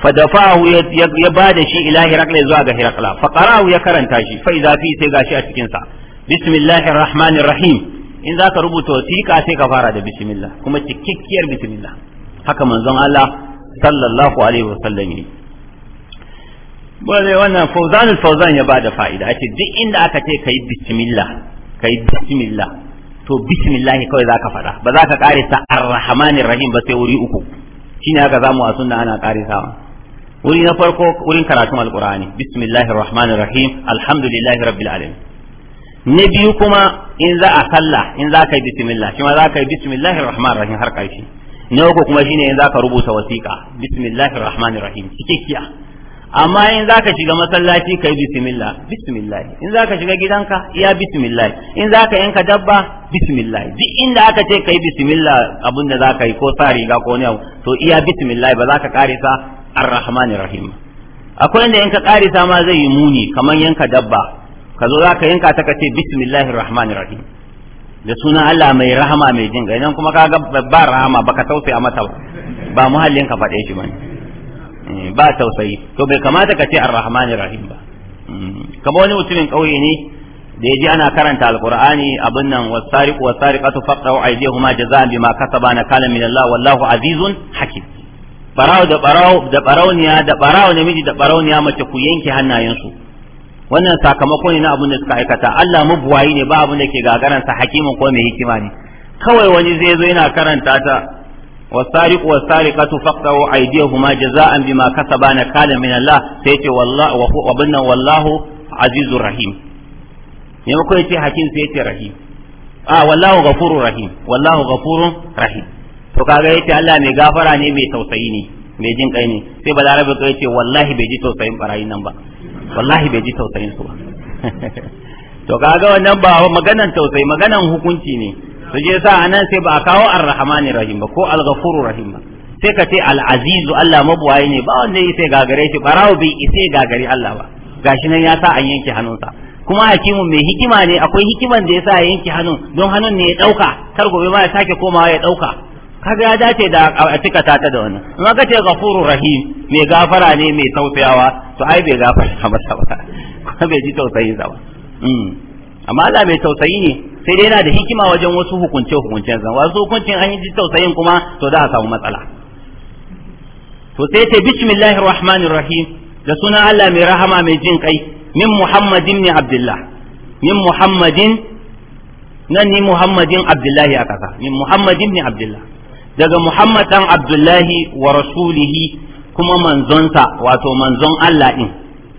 fa dafahu ya bada shi ila Herakla zuwa ga Herakla fa qara'u ya karanta shi fa idza fi sai gashi a cikin sa bismillahir rahmanir rahim in zaka rubuta wasiqa sai ka fara da bismillah kuma cikakkiyar bismillah haka manzon Allah sallallahu alaihi wasallam yi bane wannan fauzan fauzan ya bada fa'ida ake duk inda aka ce kai bismillah kai bismillah to bismillah kawai zaka fada ba zaka kare sa arrahmanir rahim ba sai wuri uku shine haka zamu a sunna ana kare sawa wuri na farko wurin karatun alqur'ani bismillahir rahmanir rahim alhamdulillahi rabbil alamin na biyu kuma in za a sallah in za ka yi bismillah shi ma za ka yi bismillahir rahmanir rahim har karshe na uku kuma shine in za ka rubuta wasiƙa bismillahir rahmanir rahim cikakkiya amma in zaka shiga masallaci kai bismillah bismillah in zaka shiga gidanka iya bismillah in zaka yanka dabba bismillah duk inda aka ce kai bismillah za ka yi ko sa riga ko ne to iya bismillah ba ka kare sa arrahmani rahim akwai inda in ka kare sa ma zai yi muni kamar yanka dabba ka zo ka yanka ta kace bismillahir rahmani rahim da sunan Allah mai rahama mai jin ga kuma kaga ba rahama baka tausaya mata ba muhallin ka faɗe shi bane ba tausayi to bai kamata ka ce ar rahim ba mm. kamar wani mutumin kauye ne da ya yaji ana karanta alqur'ani abin nan wasariqu wasariqatu faqtu aydihuma jazaan bima kasaba nakalan min Allah wallahu azizun hakim barawo da barawo da barawniya da barawo namiji da barawniya mace ku yanke hannayensu wannan sakamako ne na abin da suka aikata Allah mabuwayi ne ba abin da ke gagaransa hakimin ko mai hikima ne kawai wani zai zo yana karanta ta والسارق والسارقة فقطعوا أيديهما جزاء بما كسبا نكالا من الله سيتي والله وبنا والله عزيز رحيم يمكن يتي حكيم سيتي رحيم آه والله غفور رحيم والله غفور رحيم فكاغا يتي الله مي غفرا ني مي توسيي ني مي جين كاي ني سي بالعربي كو يتي والله بي جي توسيين براي نان با والله بي جي توسيين سو to kaga wannan ba maganan tausayi maganan hukunci ne to je sa anan sai ba a kawo arrahmani rahim ba ko al ghafuru rahim ba sai ka ce al Allah mabuwaye ne ba wanda yake gagare shi barau bai isai gagari Allah ba gashi nan ya sa an yanke hannunsa kuma hakimu mai hikima ne akwai hikiman da ya sa yanke hannun don hannun ne ya dauka kar gobe ma ya sake komawa ya dauka kaga ya dace da a cika ta da wannan amma kace ghafurur rahim mai gafara ne mai tausayawa to ai bai gafara ba (laughs) ba kuma bai ji tausayin sa ba hmm. amma Allah mai tausayi ne sai dai yana da hikima wajen wasu hukunce hukuncen sa wasu hukuncin an yi tausayin kuma to za a samu matsala to sai ta bismillahir rahmanir rahim da sunan Allah mai rahama mai jin kai min muhammadin ne abdullah min muhammadin nan ni muhammadin abdullahi a kasa min muhammadin ne abdullah daga muhammad dan abdullahi wa rasulihi kuma manzonsa wato manzon Allah din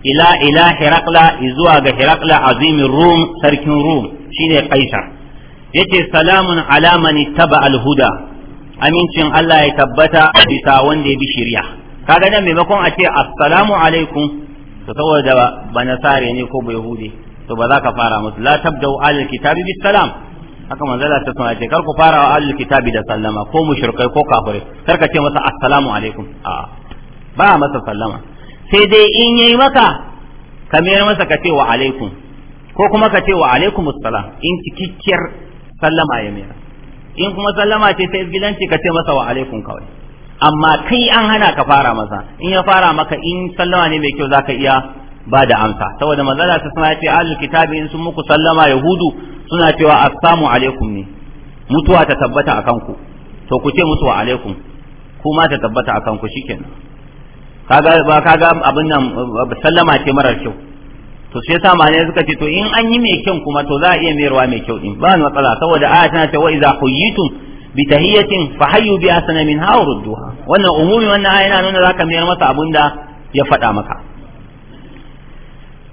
ila ila hirakla izuwa ga hirakla azimin rum sarkin rum shine kaisar yace salamun ala man ittaba alhuda amincin Allah ya tabbata bisa wanda ya bi shari'a kaga nan maimakon a ce assalamu alaikum to saboda ba nasare ne ko bai yahudi to ba za ka fara musu la tabda'u alal kitabi bis salam haka manzala ta sama ce kar ku fara wa alal kitabi da sallama ko mushrikai ko kafirai kar ka ce masa assalamu alaikum a ba masa sallama sai dai in yi maka ka mayar masa ka ce wa alaikum ko kuma ka ce wa alaikum assalam in cikakkiyar sallama ya mayar in kuma sallama ce ta izgilanci ka ce masa wa alaikum kawai amma kai an hana ka fara masa in ya fara maka in sallama ne mai kyau zaka iya ba da amsa saboda manzala ta suna ce ahlul kitabi in sun muku sallama yahudu suna cewa assalamu alaikum ne mutuwa ta tabbata akan ku to ku ce musu wa alaikum kuma ta tabbata akan ku shikenan kaga ba kaga abin nan sallama ce marar kyau to sai yasa malamai suka ce to in an yi mai kyau kuma to za a iya mayarwa mai kyau din ba ni matsala saboda aya tana wa idza huyitum bi tahiyatin fa hayyu bi asna min ha wannan umumi wannan aya yana nuna zaka mayar masa abinda ya faɗa maka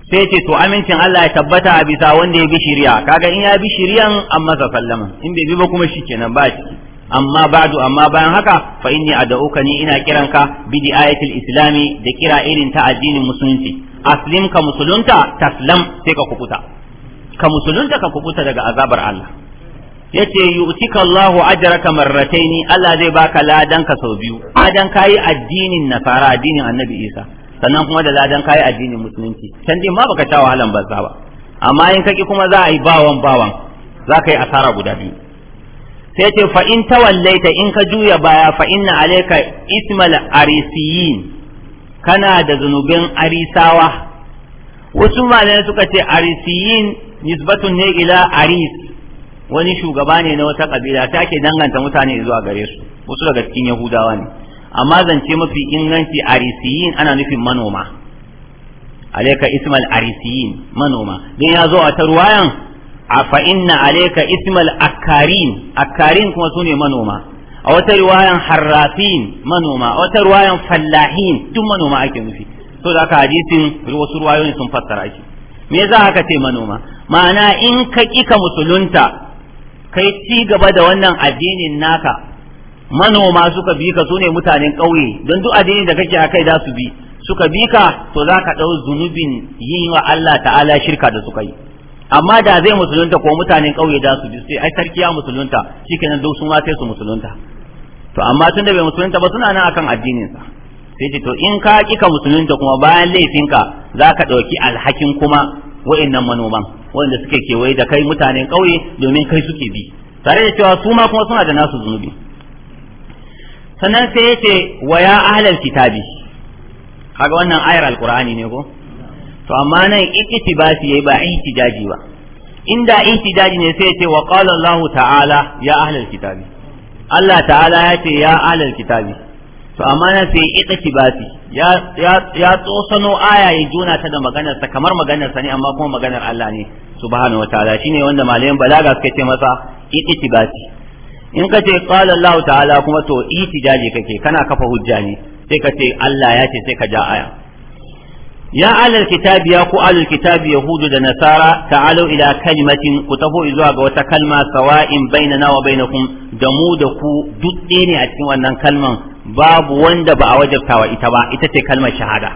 sai ce to amincin Allah ya tabbata a bisa wanda ya bi shari'a kaga in ya bi shari'an an masa sallama in bai bi ba kuma shikenan ba shi amma ba'du amma bayan haka fa inni ad'uka ni ina kiranka bi ayatul islami da kira irin ta addinin musulunci aslim ka musulunta taslam sai ka kukuta ka musulunta ka kukuta daga azabar Allah yace yu'tika Allahu ajraka ni Allah zai baka ladan ka sau biyu ladan kai addinin nasara addinin annabi Isa sannan kuma da ladan kai addinin musulunci san dai ma baka ta wahalan banza ba amma in kaki kuma za a yi bawan bawan za ka yi asara guda biyu sai ce fa in tawallaita in ka juya baya fa inna alayka ismal arisiyin kana da zunubin arisawa wasu malamai suka ce arisiyin nisbatun ne ila aris wani shugaba ne na wata kabila ta ke danganta mutane zuwa gare su wasu daga cikin yahudawa ne amma zance mafi inganci arisiyin ana nufin manoma alayka ismal arisiyin manoma don ya zo a ta ruwayan afa inna alayka ismal akarin akarin kuma sune manoma a wata riwayan harrafin manoma a wata riwayan fallahin duk manoma ake nufi to da aka hadisin wasu riwayoyin sun fassara ake me za ka ce manoma ma'ana in ka kika musulunta kai ci gaba da wannan addinin naka manoma suka bi ka sune mutanen ƙauye don duk addinin da kake akai za su bi suka bi ka to za ka ɗau zunubin yin wa Allah ta'ala shirka da suka yi amma da zai musulunta ko mutanen ƙauye da su bi sai ai sarki ya musulunta shikenan duk su ma sai su musulunta to amma tun da bai musulunta ba suna nan akan addinin sa sai ce to in ka kika musulunta kuma bayan laifinka za ka ɗauki alhakin kuma wa'annan manoman wanda suke kewaye da kai mutanen ƙauye domin kai suke bi tare da cewa su ma kuma suna da nasu zunubi sannan sai ya ce wa ya ahlal kitabi kaga wannan ayar alqur'ani ne ko to amma nan iktibasi yayi ba ihtijaji ba inda ihtijaji ne sai ya ce wa qala Allah ta'ala ya ahlul kitabi Allah ta'ala ya ce ya ahlul kitabi to amma nan sai iktibasi ya ya ya tsosano aya ya juna ta da maganar sa kamar maganar sa ne amma kuma maganar Allah ne subhanahu wataala shine wanda malayan balaga suka ce masa iktibasi in ka ce qala Allah ta'ala kuma to ihtijaji kake kana kafa hujja ne sai ka ce Allah ya ce sai ka ja aya ya alal kitabiya ya ku alal kitabi yahudu da nasara ta'alu ila kalimatin ku taho zuwa ga wata kalma sawa'in bainana wa bainakum da mu da ku duk ne a cikin wannan kalman babu wanda ba a wajabtawa ita ba ita ce kalmar shahada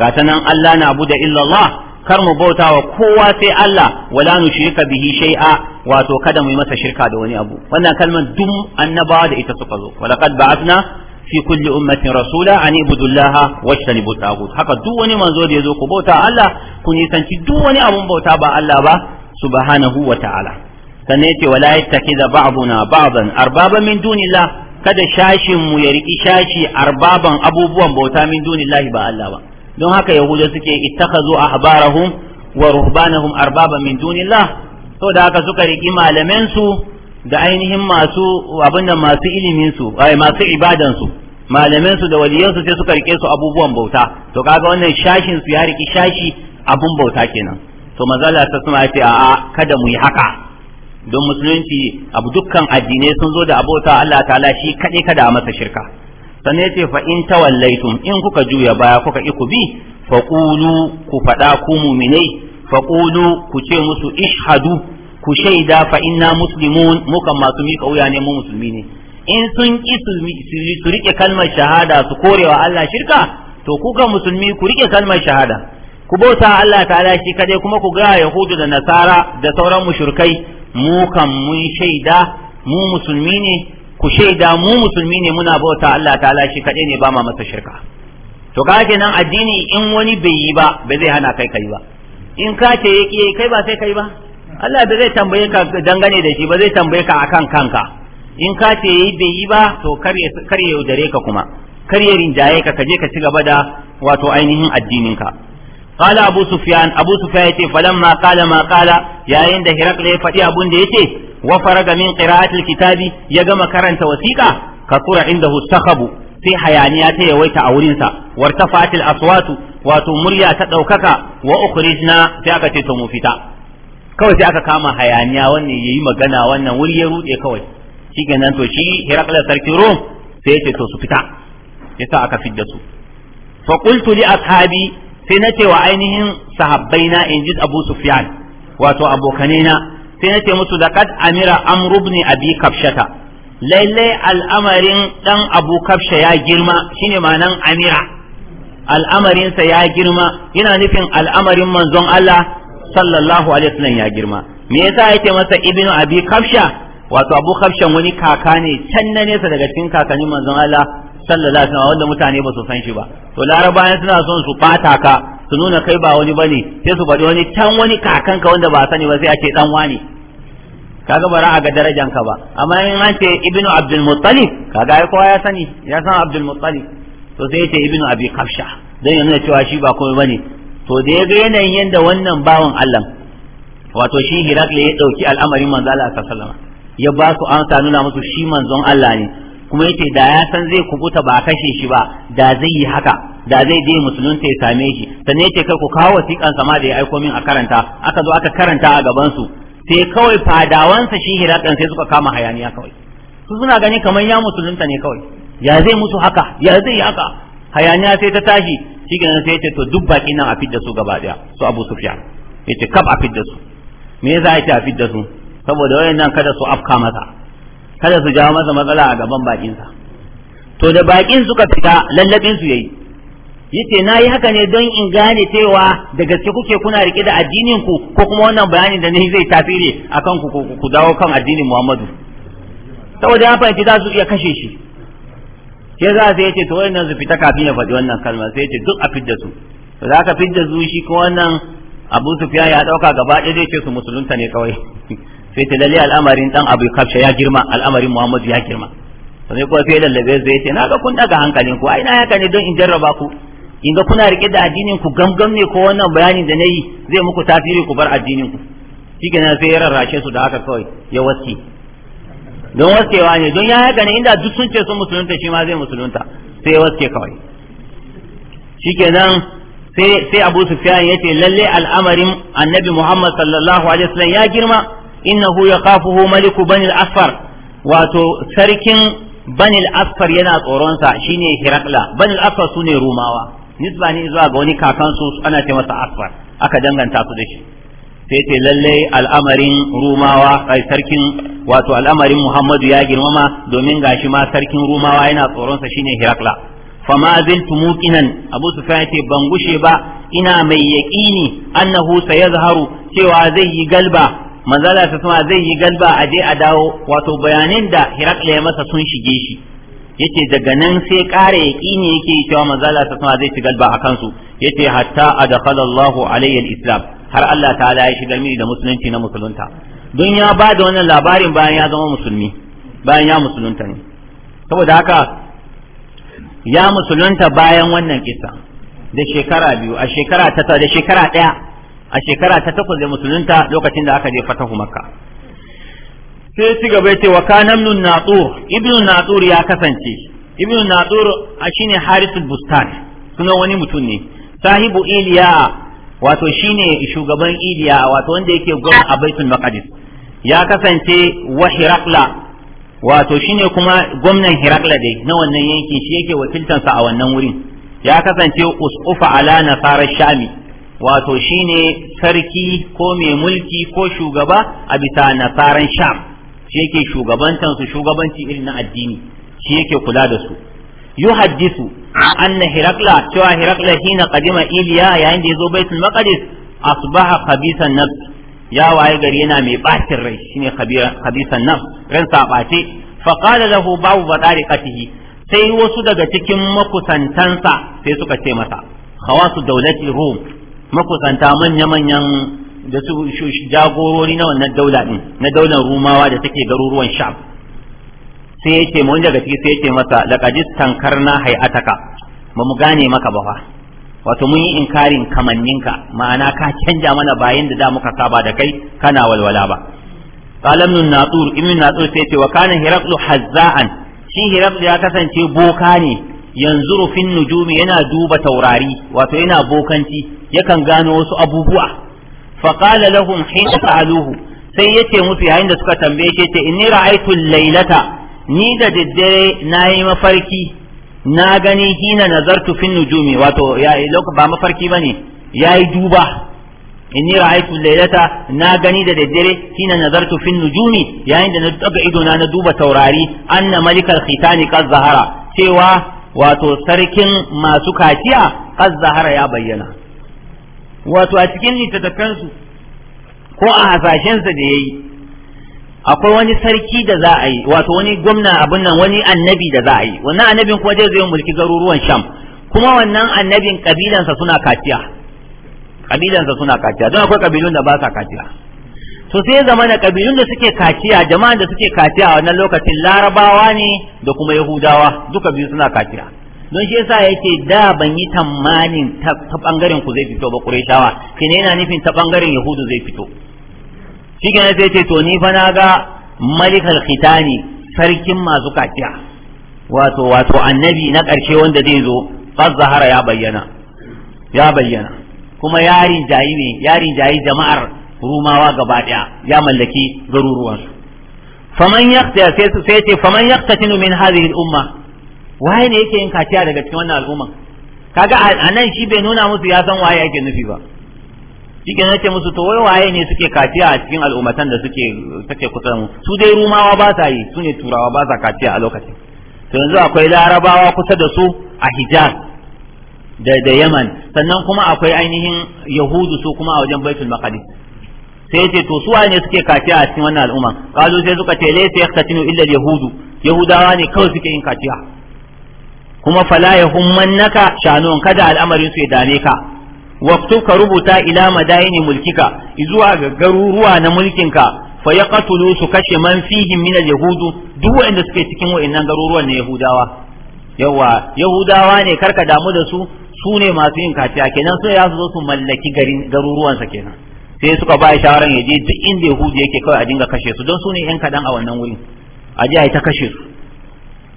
ga ta Allah na abu da illallah kar mu bauta wa kowa sai Allah wala nushrika bihi shay'a wato kada mu yi masa shirka da wani abu wannan kalmar duk annabawa da ita suka zo walaqad ba'athna fi kulli ummatin rasula an ibudu Allah wajtanibu tagut haka duk wani manzo da yazo ku bauta Allah ku nisanci duk wani abun bauta ba Allah ba subhanahu wa ta'ala sannan yace wala yattakiza ba'duna ba'dan arbaba min dunillah kada shashin mu ya riki shashi arbaban abubuwan bauta min dunillah ba Allah ba don haka yahuda suke ittakhazu ahbarahum wa ruhbanahum arbaba min dunillah saboda haka suka riki malaman su da ainihin masu abin eh, da masu ilimin su ai masu ibadan su malamin su da waliyan su sai suka rike su abubuwan bauta to kaga wannan shashin su ya riki shashi abun bauta kenan to mazala ta suna ce a'a kada mu yi haka don musulunci abu dukkan addinai sun zo da abota Allah ta'ala shi kaɗai kada a masa shirka sannan yace fa in tawallaitum in kuka juya baya kuka iku bi faqulu ku faɗa ku mu'minai faqulu ku ce musu ishhadu ku shaida fa inna muslimun mukan masu mika wuya ne mu musulmi ne in sun ki su rike kalmar shahada su korewa Allah shirka to ku ga musulmi ku rike kalmar shahada ku bauta Allah ta'ala shi kadai kuma ku ga yahudu da nasara da sauran mushrikai mu kan mu shaida mu musulmi ne ku shaida mu musulmi ne muna bauta Allah ta'ala shi kadai ne ba ma masa shirka to ka kenan addini in wani bai yi ba ba zai hana kai kai ba in ka ce yake kai ba sai kai ba Allah da zai tambaye ka dangane da shi ba zai tambaye ka akan kanka in ka ce yi bai yi ba to kar ya yaudare ka kuma kar ya rinjaye ka kaje ka ci gaba da wato ainihin addinin ka qala abu sufyan abu sufyan yace falamma qala ma qala yayin da hirakl ya faɗi abun da yace wa faraga min qira'ati alkitabi ya gama karanta wasiqa kasura indahu sakhabu sai hayaniya ta yawaita a wurin wurinsa wartafatil aswatu wato murya ta ɗaukaka wa ukhrijna sai aka ce to mu fita kawai sai aka kama hayaniya wannan yayi magana wannan wuri ya rude kawai nan to shi Herakles sarki Rom sai yace to su fita sa aka fidda su fa qultu li ashabi sai nace wa ainihin sahabbaina inji Abu Sufyan wato abokanena sai nace musu da kad amira amru ibn abi kafshata lalle al'amarin dan abu kafsha ya girma shine ma'anan amira al'amarinsa ya girma yana nufin al'amarin manzon Allah sallallahu alaihi wasallam ya girma me yasa yake masa ibnu abi kafsha wato abu kafshan wani kaka ne can na nesa daga cikin kakannin manzon Allah sallallahu alaihi wasallam wanda mutane ba su san shi ba to larabawa suna son su bata ka su nuna kai ba wani bane sai su faɗi wani can wani kakanka wanda ba sani ba sai a ce dan wani kaga ba a ga darajanka ba amma in an ce ibnu abdul muttalib kaga ai kowa ya sani ya san abdul muttalib to sai ya ce ibnu abi kafsha dan ya nuna cewa shi ba komai bane to da ya ga yanayin yadda wannan bawan Allah wato shi Hirakle ya dauki al'amarin manzo Allah sallallahu ya ba su an nuna musu shi manzon Allah ne kuma yace da ya san zai kubuta ba kashe shi ba da zai yi haka da zai je musulunta ya same shi sannan yace kai ku kawo wasiƙan sama da ya aiko min a karanta aka zo aka karanta a gaban su sai kawai fadawansa shi Hirakle sai suka kama hayaniya kawai su suna gani kamar ya musulunta ne kawai ya zai musu haka ya zai yi haka hayaniya sai ta tashi shi kenan sai ce to duk baki nan a fidda su gaba daya su Abu ya ce kaf a fidda su me yasa ce a fidda su saboda nan kada su afka masa kada su jawo masa matsala a gaban bakin sa to da bakin suka fita lallabin su yayi yace na yi haka ne don in gane cewa da gaske kuke kuna rike da addinin ku ko kuma wannan bayani da ni zai a akan ku ku dawo kan addinin Muhammadu saboda ya fahimci za su iya kashe shi sai za sai yace to wannan su fita kafin ya faɗi wannan kalma sai yace duk a fidda su to za ka fidda su shi ko wannan Abu Sufyan ya dauka gaba ɗaya zai ce su musulunta ne kawai (laughs) sai ta lalle al'amarin dan Abu Kafsha ya girma al'amarin Muhammadu ya girma sai kuma sai lallabe zai ce na ga kun daga hankalin ku ai na haka ne don in jarraba ku in ga kuna rike da addinin ku gamgam ne ko wannan bayanin da na yi zai muku tasiri ku bar addinin ku shikenan sai ya rarrashe su da haka kawai ya wasi don waskewa ne don ya haka ne inda duk sun ce sun musulunta shi ma zai musulunta sai waske kawai shikenan sai sai Abu Sufyan yace lalle al'amarin Annabi Muhammad sallallahu alaihi wasallam ya girma innahu yaqafuhu maliku bani al-asfar wato sarkin bani al-asfar yana tsoron sa shine Hirakla bani al-asfar sune Rumawa nisba ne zuwa ga wani kakansu ana ce masa asfar aka danganta su da shi sai ce lallai al'amarin rumawa ai sarkin wato al'amarin muhammadu ya girmama domin gashi ma sarkin rumawa yana tsoronsa shine hirakla fama ziltu muqinan abu sufyan ce ban gushe ba ina mai yaqini annahu sayazharu cewa zai yi galba manzala ta sama zai yi galba a je a dawo wato bayanin da Hirakla ya masa sun shige shi yace daga nan sai ƙara yaƙini yake cewa manzala ta sama zai ci galba a kansu yace hatta a Allahu alayhi al-islam har Allah ta ya shigar mini da musulunci na musulunta don ya ba da wannan labarin bayan ya zama musulmi bayan ya musulunta ne saboda haka ya musulunta bayan wannan kisa da shekara biyu a shekara ta da shekara ɗaya a shekara ta takwas da musulunta lokacin da aka je fatahu makka sai ci gaba ce wa kana ibn natur ibn natsur ya kasance ibn a shine harisul bustan sunan wani mutum ne sahibu iliya wato shine shugaban idiya wato wanda yake gwamna a baitul maqdis ya kasance wa hirakla wato shine kuma gwamnan hirakla dai na wannan yanki shi yake wakiltansa a wannan wurin ya kasance usufa ala nasara shami wato shine sarki ko mai mulki ko shugaba a bisa nasaran sham shi yake shugabantansu shugabanci irin na addini shi yake kula da su yuhaddisu anna hirakla cewa hirakla hina kadima iliya yayin da yazo baitul maqdis asbaha khabisan nafs ya waye gari yana mai bacin rai shine khabisan nafs ran sa bace fa qala lahu ba'u wa sai wasu daga cikin makusantansa sai suka ce masa khawasu dawlati rum makusanta manya manyan da su jagorori na wannan daula din na daular rumawa da take garuruwan sham sai ya ce mun daga ciki sai ya ce masa na tankarna hay'ataka ba mu gane maka ba fa wato mun yi inkarin kamanninka ma'ana ka canja mana bayan da da muka saba da kai kana walwala ba qala nun natur imin natur sai ce wa kana hiraqlu hazza'an shi hiraqlu ya kasance boka ne yanzu rufin nujumi yana duba taurari wato yana bokanci yakan gano wasu abubuwa fa lahum hina sa'aluhu sai yace musu yayin da suka tambaye shi yace inni ra'aytu laylata lailata ni da daddare na yi mafarki na gani hina nazartu fin nujumi wato ya yi ba mafarki ya yi duba inni ku lailata na gani da daddare hina nazartu fin nujumi yayin da na daga ido na duba taurari anna malikal khitani qad zahara cewa wato sarkin masu kaciya qad zahara ya bayyana wato a cikin littattafansu ko a hasashensa da yayi akwai wani sarki da za a yi wato wani gwamna abin nan wani annabi da za a yi wannan annabin kuma zai zo mulki garuruwan sham kuma wannan annabin kabilansa suna kaciya kabilansa suna kaciya don akwai kabilun da ba sa kaciya to sai ya zama da kabilun da suke kaciya jama'an da suke kaciya a wannan lokacin larabawa ne da kuma yahudawa duka biyu suna kaciya don shi yasa yake da ban yi tamanin ta bangaren ku zai fito ba qurayshawa kina yana nufin ta bangaren yahudu zai fito shi kenan sai ce to ni fa na ga malikal khitani sarkin masu kaciya wato wato annabi na ƙarshe wanda zai zo fas zahara ya bayyana ya bayyana kuma yarin jayi ne yarin jayi jama'ar rumawa gaba daya ya mallaki garuruwansu faman yaqta sai su sai ce faman yaqtatinu min hadhihi al-umma waye ne yake yin kaciya daga cikin wannan al'umma kaga anan shi bai nuna musu ya san waye yake nufi ba shike nake musu to wai waye ne suke kaciya a cikin al'ummatan da suke take kusan su dai rumawa ba sa yi su ne turawa ba sa kaciya a lokacin to yanzu akwai larabawa kusa da su a hijaz da da yaman sannan kuma akwai ainihin yahudu su kuma a wajen baitul maqdis sai ce to su ne suke kaciya a cikin wannan al'umma kazo sai suka ce laysa yaqtatinu illa yahudu yahudawa ne kawai suke yin kaciya kuma fala yahummannaka shanun kada al'amarin su ya dane ka waktu ka rubuta ila madaini mulkika izuwa ga garuruwa na mulkinka fa yaqtulu su kashe man fihim min al-yahudu duk wanda suke cikin wayannan garuruwan na yahudawa yawa yahudawa ne karka damu da su su ne masu yin kaciya kenan sai ya zo su mallaki garin sa kenan sai suka ba shawaran ya je duk inda Yahudu yake kawai a dinga kashe su don su ne yan kadan a wannan wurin a je a ta kashe su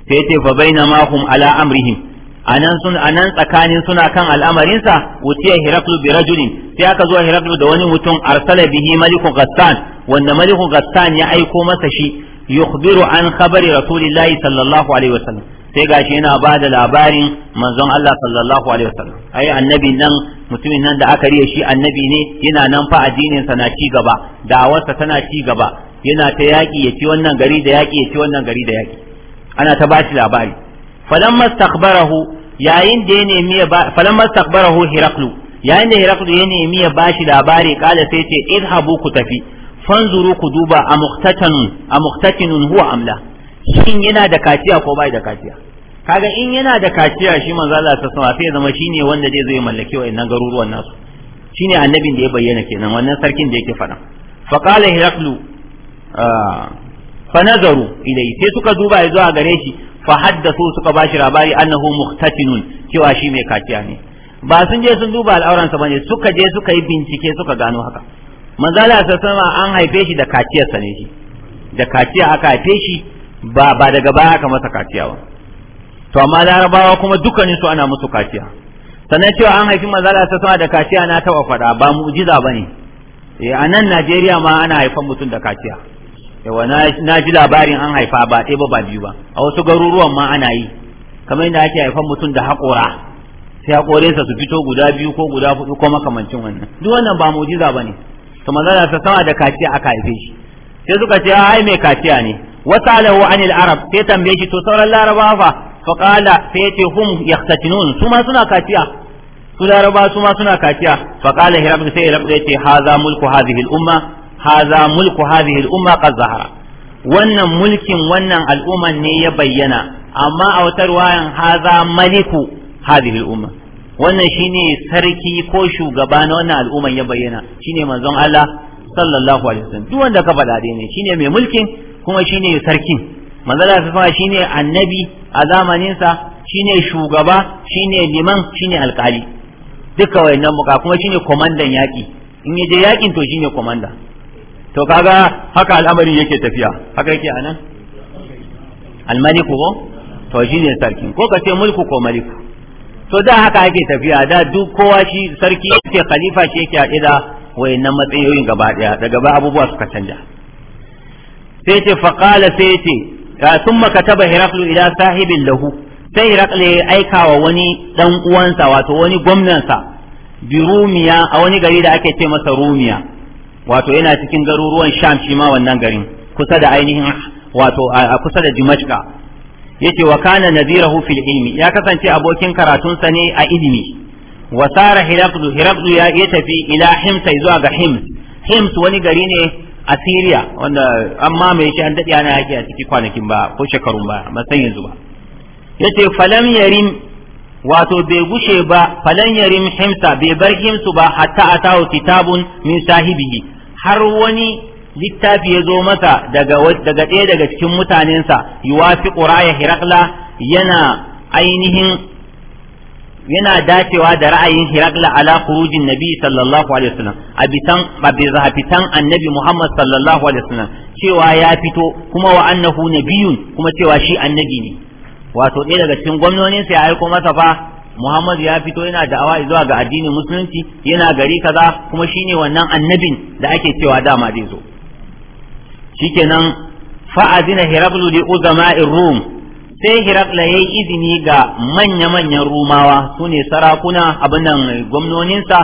sai ce fa bainama hum ala amrihim anan sun tsakanin suna kan al'amarinsa sa wutiya hiraklu bi rajulin sai aka zo hiraklu da wani mutum arsala bihi maliku Gassan, wanda maliku Gassan ya aiko masa shi yukhbiru an khabari rasulillahi sallallahu alaihi wasallam sai gashi yana ba da labarin manzon Allah sallallahu alaihi wasallam ai annabi nan mutumin nan da aka riya shi annabi ne yana nan fa addinin sa na ci gaba da'awarsa tana ci gaba yana ta yaki ya ci wannan gari da yaki ya ci wannan gari da yaki ana ta bashi labari falamma stakbarahu yayin da ya nemi ya falamma hiraklu yayin da hiraklu ya nemi ya bashi labari kala sai ce idhabu ku tafi fanzuru ku duba a muhtatanun huwa amla shin yana da kaciya ko bai da kaciya kaga in yana da kaciya shi manzo Allah ta sama sai zama shine wanda zai zo ya mallaki wa'annan garuruwan nasu shine annabin da ya bayyana kenan wannan sarkin da yake fada fa qala hiraklu fa nazaru ilai sai suka duba zuwa gare shi fa haddathu suka bashi labari annahu muhtatinun cewa shi mai kaciya ne ba sun je sun duba al'auransa bane suka je suka yi bincike suka gano haka manzala sallama an haife shi da kaciyarsa ne shi da kaciya aka haife shi ba ba daga baya aka masa kaciya ba to amma larabawa kuma dukkanin su ana musu kaciya sannan cewa an haifi manzala sallama da kaciya na taba fada ba mu'jiza bane eh a nan Najeriya ma ana haifan mutum da kaciya yawa na ji labarin an haifa ba ɗaya ba ba biyu ba a wasu garuruwan ma ana yi kamar yadda ake haifan mutum da haƙora sai haƙorinsa su fito guda biyu ko guda hudu ko makamancin wannan duk wannan ba mujiza ba ne to manzala sa sama da kaciya aka haife shi sai suka ce ai mai kaciya ne wasalahu anil arab sai tambaye shi to sauran larabawa fa faqala sai ce hum yaqtatinun su ma suna kaciya su laraba su ma suna kaciya fa qala hirab sai hirab sai ce hadha mulku hadhihi al umma haza mulku hadhihi al-umma qad zahara wannan mulkin wannan al'umman ne ya bayyana amma a wata ruwayan haza maliku hadhihi al wannan shine sarki ko shugaba na wannan al'umman ya bayyana shine manzon Allah sallallahu alaihi wasallam duk wanda ka faɗa dai ne shine mai mulkin kuma shine sarkin manzon Allah sallallahu shine annabi a zamanin sa shine shugaba shine liman shine alkali duka wayannan muka kuma shine komandan yaki in yaje to shine komanda to kaga haka al'amari yake tafiya haka yake anan almaliku ko to shi ne sarki ko kace mulku ko maliku to da haka yake tafiya da duk kowa shi sarki yake khalifa shi yake haɗe da wayannan matsayoyin gaba daya daga ba abubuwa suka canja sai ce faqala sai ce ثم kataba هرقل ila صاحب lahu sai Hirakle ya aika wa wani dan uwansa wato wani gwamnansa sa birumiya a wani gari da ake ce masa Rumiya wato yana cikin garuruwan sham shi ma wannan garin kusa da ainihin wato a kusa da dimashka yace wa kana nadhirahu fil ilmi ya kasance abokin karatunsa ne a ilimi wa sara hiraqdu ya ya tafi ila himsa zuwa ga hims hims wani gari ne a Syria wanda an mamaye shi an dade ana yaki a cikin kwanakin ba ko shekarun ba matsan yanzu ba yace falam yarim wato bai gushe ba falan yarim himsa bai bar himsu ba hatta atahu kitabun min sahibihi har wani littafi ya zo masa daga daga ɗaya daga cikin mutanensa yuwafi quraya hirakla yana ainihin yana dacewa da ra'ayin hirakla ala khurujin nabi sallallahu alaihi wasallam abitan abizahafitan annabi muhammad sallallahu alaihi wasallam cewa ya fito kuma wa annahu nabiyun kuma cewa shi annabi ne wato ɗaya daga cikin gwamnonin sai ya aiko masa fa Muhammad ya fito yana da'awa zuwa ga addinin musulunci yana gari kaza kuma shine wannan annabin da ake cewa dama zai zo shikenan fa'azina hirablu li uzama'ir rum sai hirabla yayi izini ga manya-manyan rumawa sune sarakuna abin nan gwamnoninsa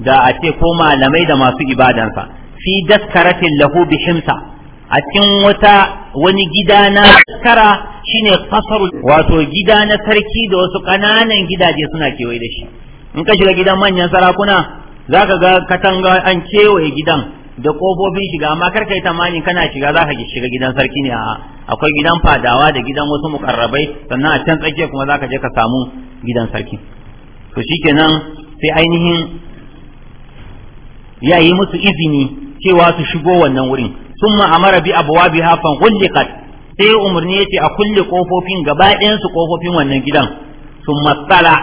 da a ce ko malamai da masu ibadansa fi daskaratin lahu himsa. a cikin wata wani gida na kara shine kasar wato gida na sarki da wasu ƙananan gidaje suna kewaye da shi in ka shiga gidan manyan sarakuna zaka ga katanga an kewaye gidan da kofofin shiga amma kar kai tamani kana shiga zaka shiga gidan sarki ne a akwai gidan fadawa da gidan wasu mukarrabai sannan a can tsakiya kuma zaka je ka samu gidan sarki to shikenan sai ainihin ya yi musu izini cewa su shigo wannan wurin thumma amara bi abwabiha sai umarni yace a kulle kofofin gaba su kofofin wannan gidan Sun matsala.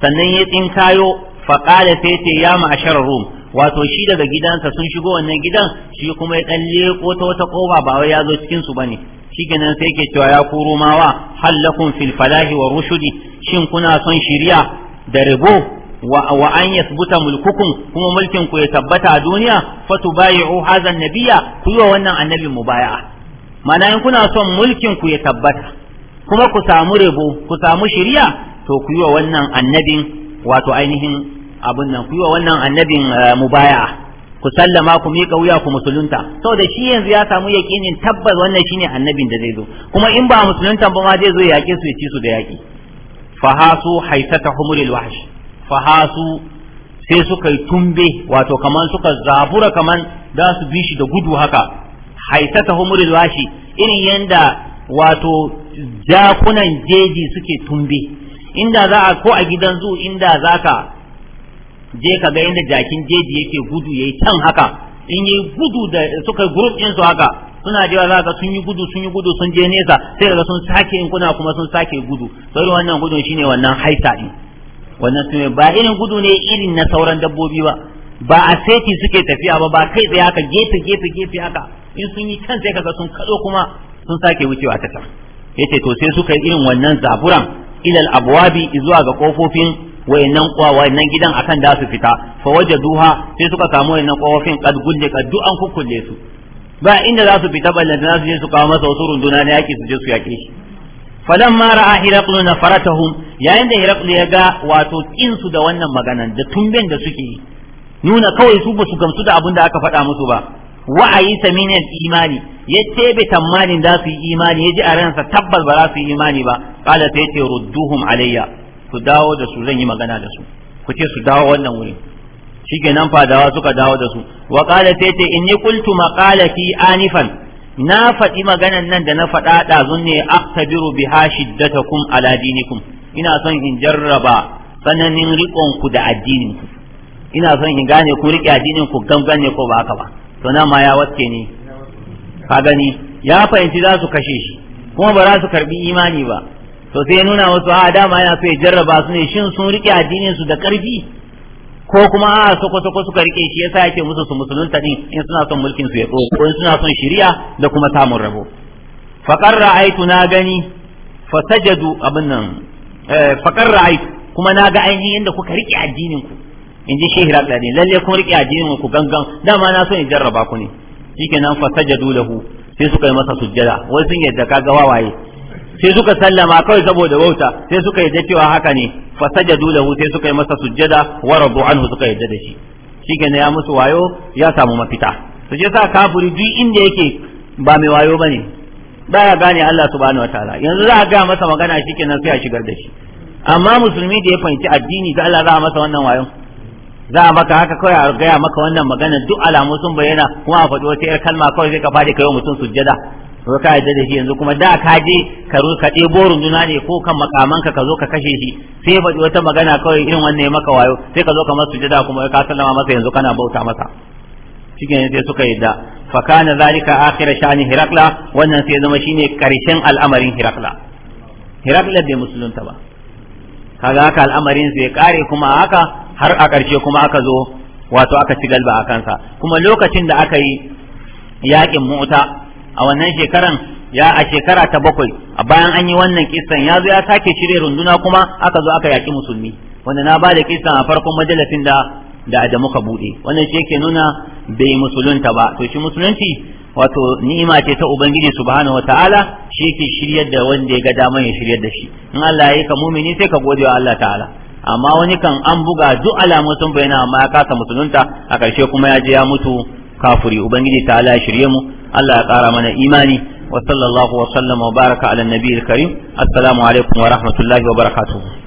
sannan ya tsinkayo yo, qala sai ce ya ma'ashar rum wato shi daga gidansa sun shigo wannan gidan shi kuma ya dan leko ta wata kofa ba wai ya zo cikin su bane shikenan sai ke cewa ya kuro mawa hallakum fil falahi wa rushudi shin kuna son shiriya da rabo wa an yasbuta mulkukum kuma mulkin ku ya tabbata a duniya tubayi'u hadha nabiyya ku yi wa wannan annabin mubaya'a mana in kuna son mulkin ku ya tabbata kuma ku samu rebo ku samu shiriya to ku yi wa wannan annabin wato ainihin abun nan ku yi wa wannan annabin eh, mubaya'a ku sallama ku miƙa wuya ku musulunta saboda shi yanzu ya samu yaƙinin tabbas wannan shine annabin da zai zo kuma in ba musulunta ba ma zai zo ya su ya ci su da yaƙi Fahasu hasu haisata humulil wahsh fahasu sai suka yi tumbe wato kaman suka zabura kaman za su bi shi da gudu haka haitata humuril washi irin yanda wato jakunan jeji suke tumbe inda za a ko a gidan zu inda za ka je ka ga inda jakin jeji yake gudu yayi tan haka in yi gudu da suka group din su haka suna jewa za ka sun yi gudu sun yi gudu sun je nesa sai daga sun sake in kuna kuma sun sake gudu sai wannan gudun shine wannan haita din wannan su ba irin gudu ne irin na sauran dabbobi ba ba a seti suke tafiya ba ba kai tsaye haka gefe gefe gefe haka in sun yi can sai kaga sun kado kuma sun sake wucewa ta ta yace to sai suka yi irin wannan zaburan ilal abwabi zuwa ga kofofin wayannan kwa wayannan gidan akan da su fita fa wajaduha sai suka samu wayannan kofofin kad gulle kad du an kukkulle su ba inda za su fita balle za su je su kawo masa wasu runduna na yaki su je su yake shi falamma ra'a hiraqlu nafaratahum yayin da hiraqlu ya ga wato kinsu da wannan maganan da tumben da suke nuna kawai su basu gamsu da abin da aka faɗa musu ba wa'ayi saminal imani ya tebe tamanin da su yi imani ya ji a ransa tabbas ba za su yi imani ba kala sai ce rudduhum alayya su dawo da su zan yi magana da su ku ce su dawo wannan wurin shikenan fadawa suka dawo da su wa qala sai ce inni qultu maqalati anifan na faɗi maganan nan da na faɗa ɗazun ne aktabiru biha shiddatakum ala dinikum ina son in jarraba tsananin riƙon ku da addinin ku ina son in gane ku riƙe addinin ku gangan ne ko ba haka ba to na ma ya wacce ne ka gani ya fahimci za su kashe shi kuma ba za su karbi imani ba to sai nuna wasu a dama yana so ya jarraba su ne shin sun riƙe addinin su da ƙarfi ko kuma a sako-sako suka rike shi yasa yake musu su musulunta din in suna son mulkin su ya tsoro ko suna son shiriya da kuma samun rabo faqar ra'aitu na gani fasajadu abin nan eh, faqar ra'aitu kuma na ga ainihin yadda kuka rike addinin ku in ji shehi raɗaɗe lalle kun rike addinin ku gangan dama na so in jarraba ku ne shikenan fasajadu lahu sai suka yi masa sujjada wai sun yadda kaga wawaye sai suka sallama kawai saboda wauta sai suka yadda cewa haka ne fa sajadu lahu sai suka yi masa sujjada wa radu anhu suka yadda da shi shikenan ya musu wayo ya samu mafita to je sa kafiri duk inda yake ba mai wayo bane baya gane Allah subhanahu wataala yanzu za a ga masa magana shikenan sai a shigar da shi amma musulmi da ya fahimci addini da Allah za a masa wannan wayo za a maka haka kawai a gaya maka wannan magana duk alamu sun bayyana kuma a faɗi wata 'yar kalma kawai zai ka fadi kai mutum sujjada to ka yadda da shi yanzu kuma da ka je ka ka ɗebo runduna ne ko kan makamanka ka zo ka kashe shi sai ya faɗi wata magana kawai irin wannan ya maka wayo sai ka zo ka masa sujada kuma ka sallama masa yanzu kana bauta masa shikenan sai suka yadda fa kana zalika akhir shani hirakla wannan sai zama shine karshen al'amarin hirakla hirakla bai musulunta ba kaga haka al'amarin sai kare kuma haka har a ƙarshe kuma aka zo wato aka ci galba a kansa kuma lokacin da aka yi yaƙin mota. a wannan shekaran ya a shekara ta bakwai a bayan an yi wannan kisan ya zo ya sake shirya runduna kuma aka zo aka yaki musulmi wanda na ba da kisan a farkon majalisin da da da muka bude wannan shi yake nuna bai musulunta ba to shi musulunci wato ni'ima ce ta ubangiji subhanahu wataala shi yake shiryar da wanda ya ga daman ya shiryar da shi in Allah ya ka mumini sai ka gode wa Allah ta'ala amma wani kan an buga duk alamun sun bayyana amma ya kasa musulunta a karshe kuma ya je ya mutu kafuri ubangiji ta'ala ya shirye mu Allah ya ƙara mana imani wa sallallahu wa sallama wa baraka ala nabiyil karim assalamu alaikum wa rahmatullahi wa barakatuh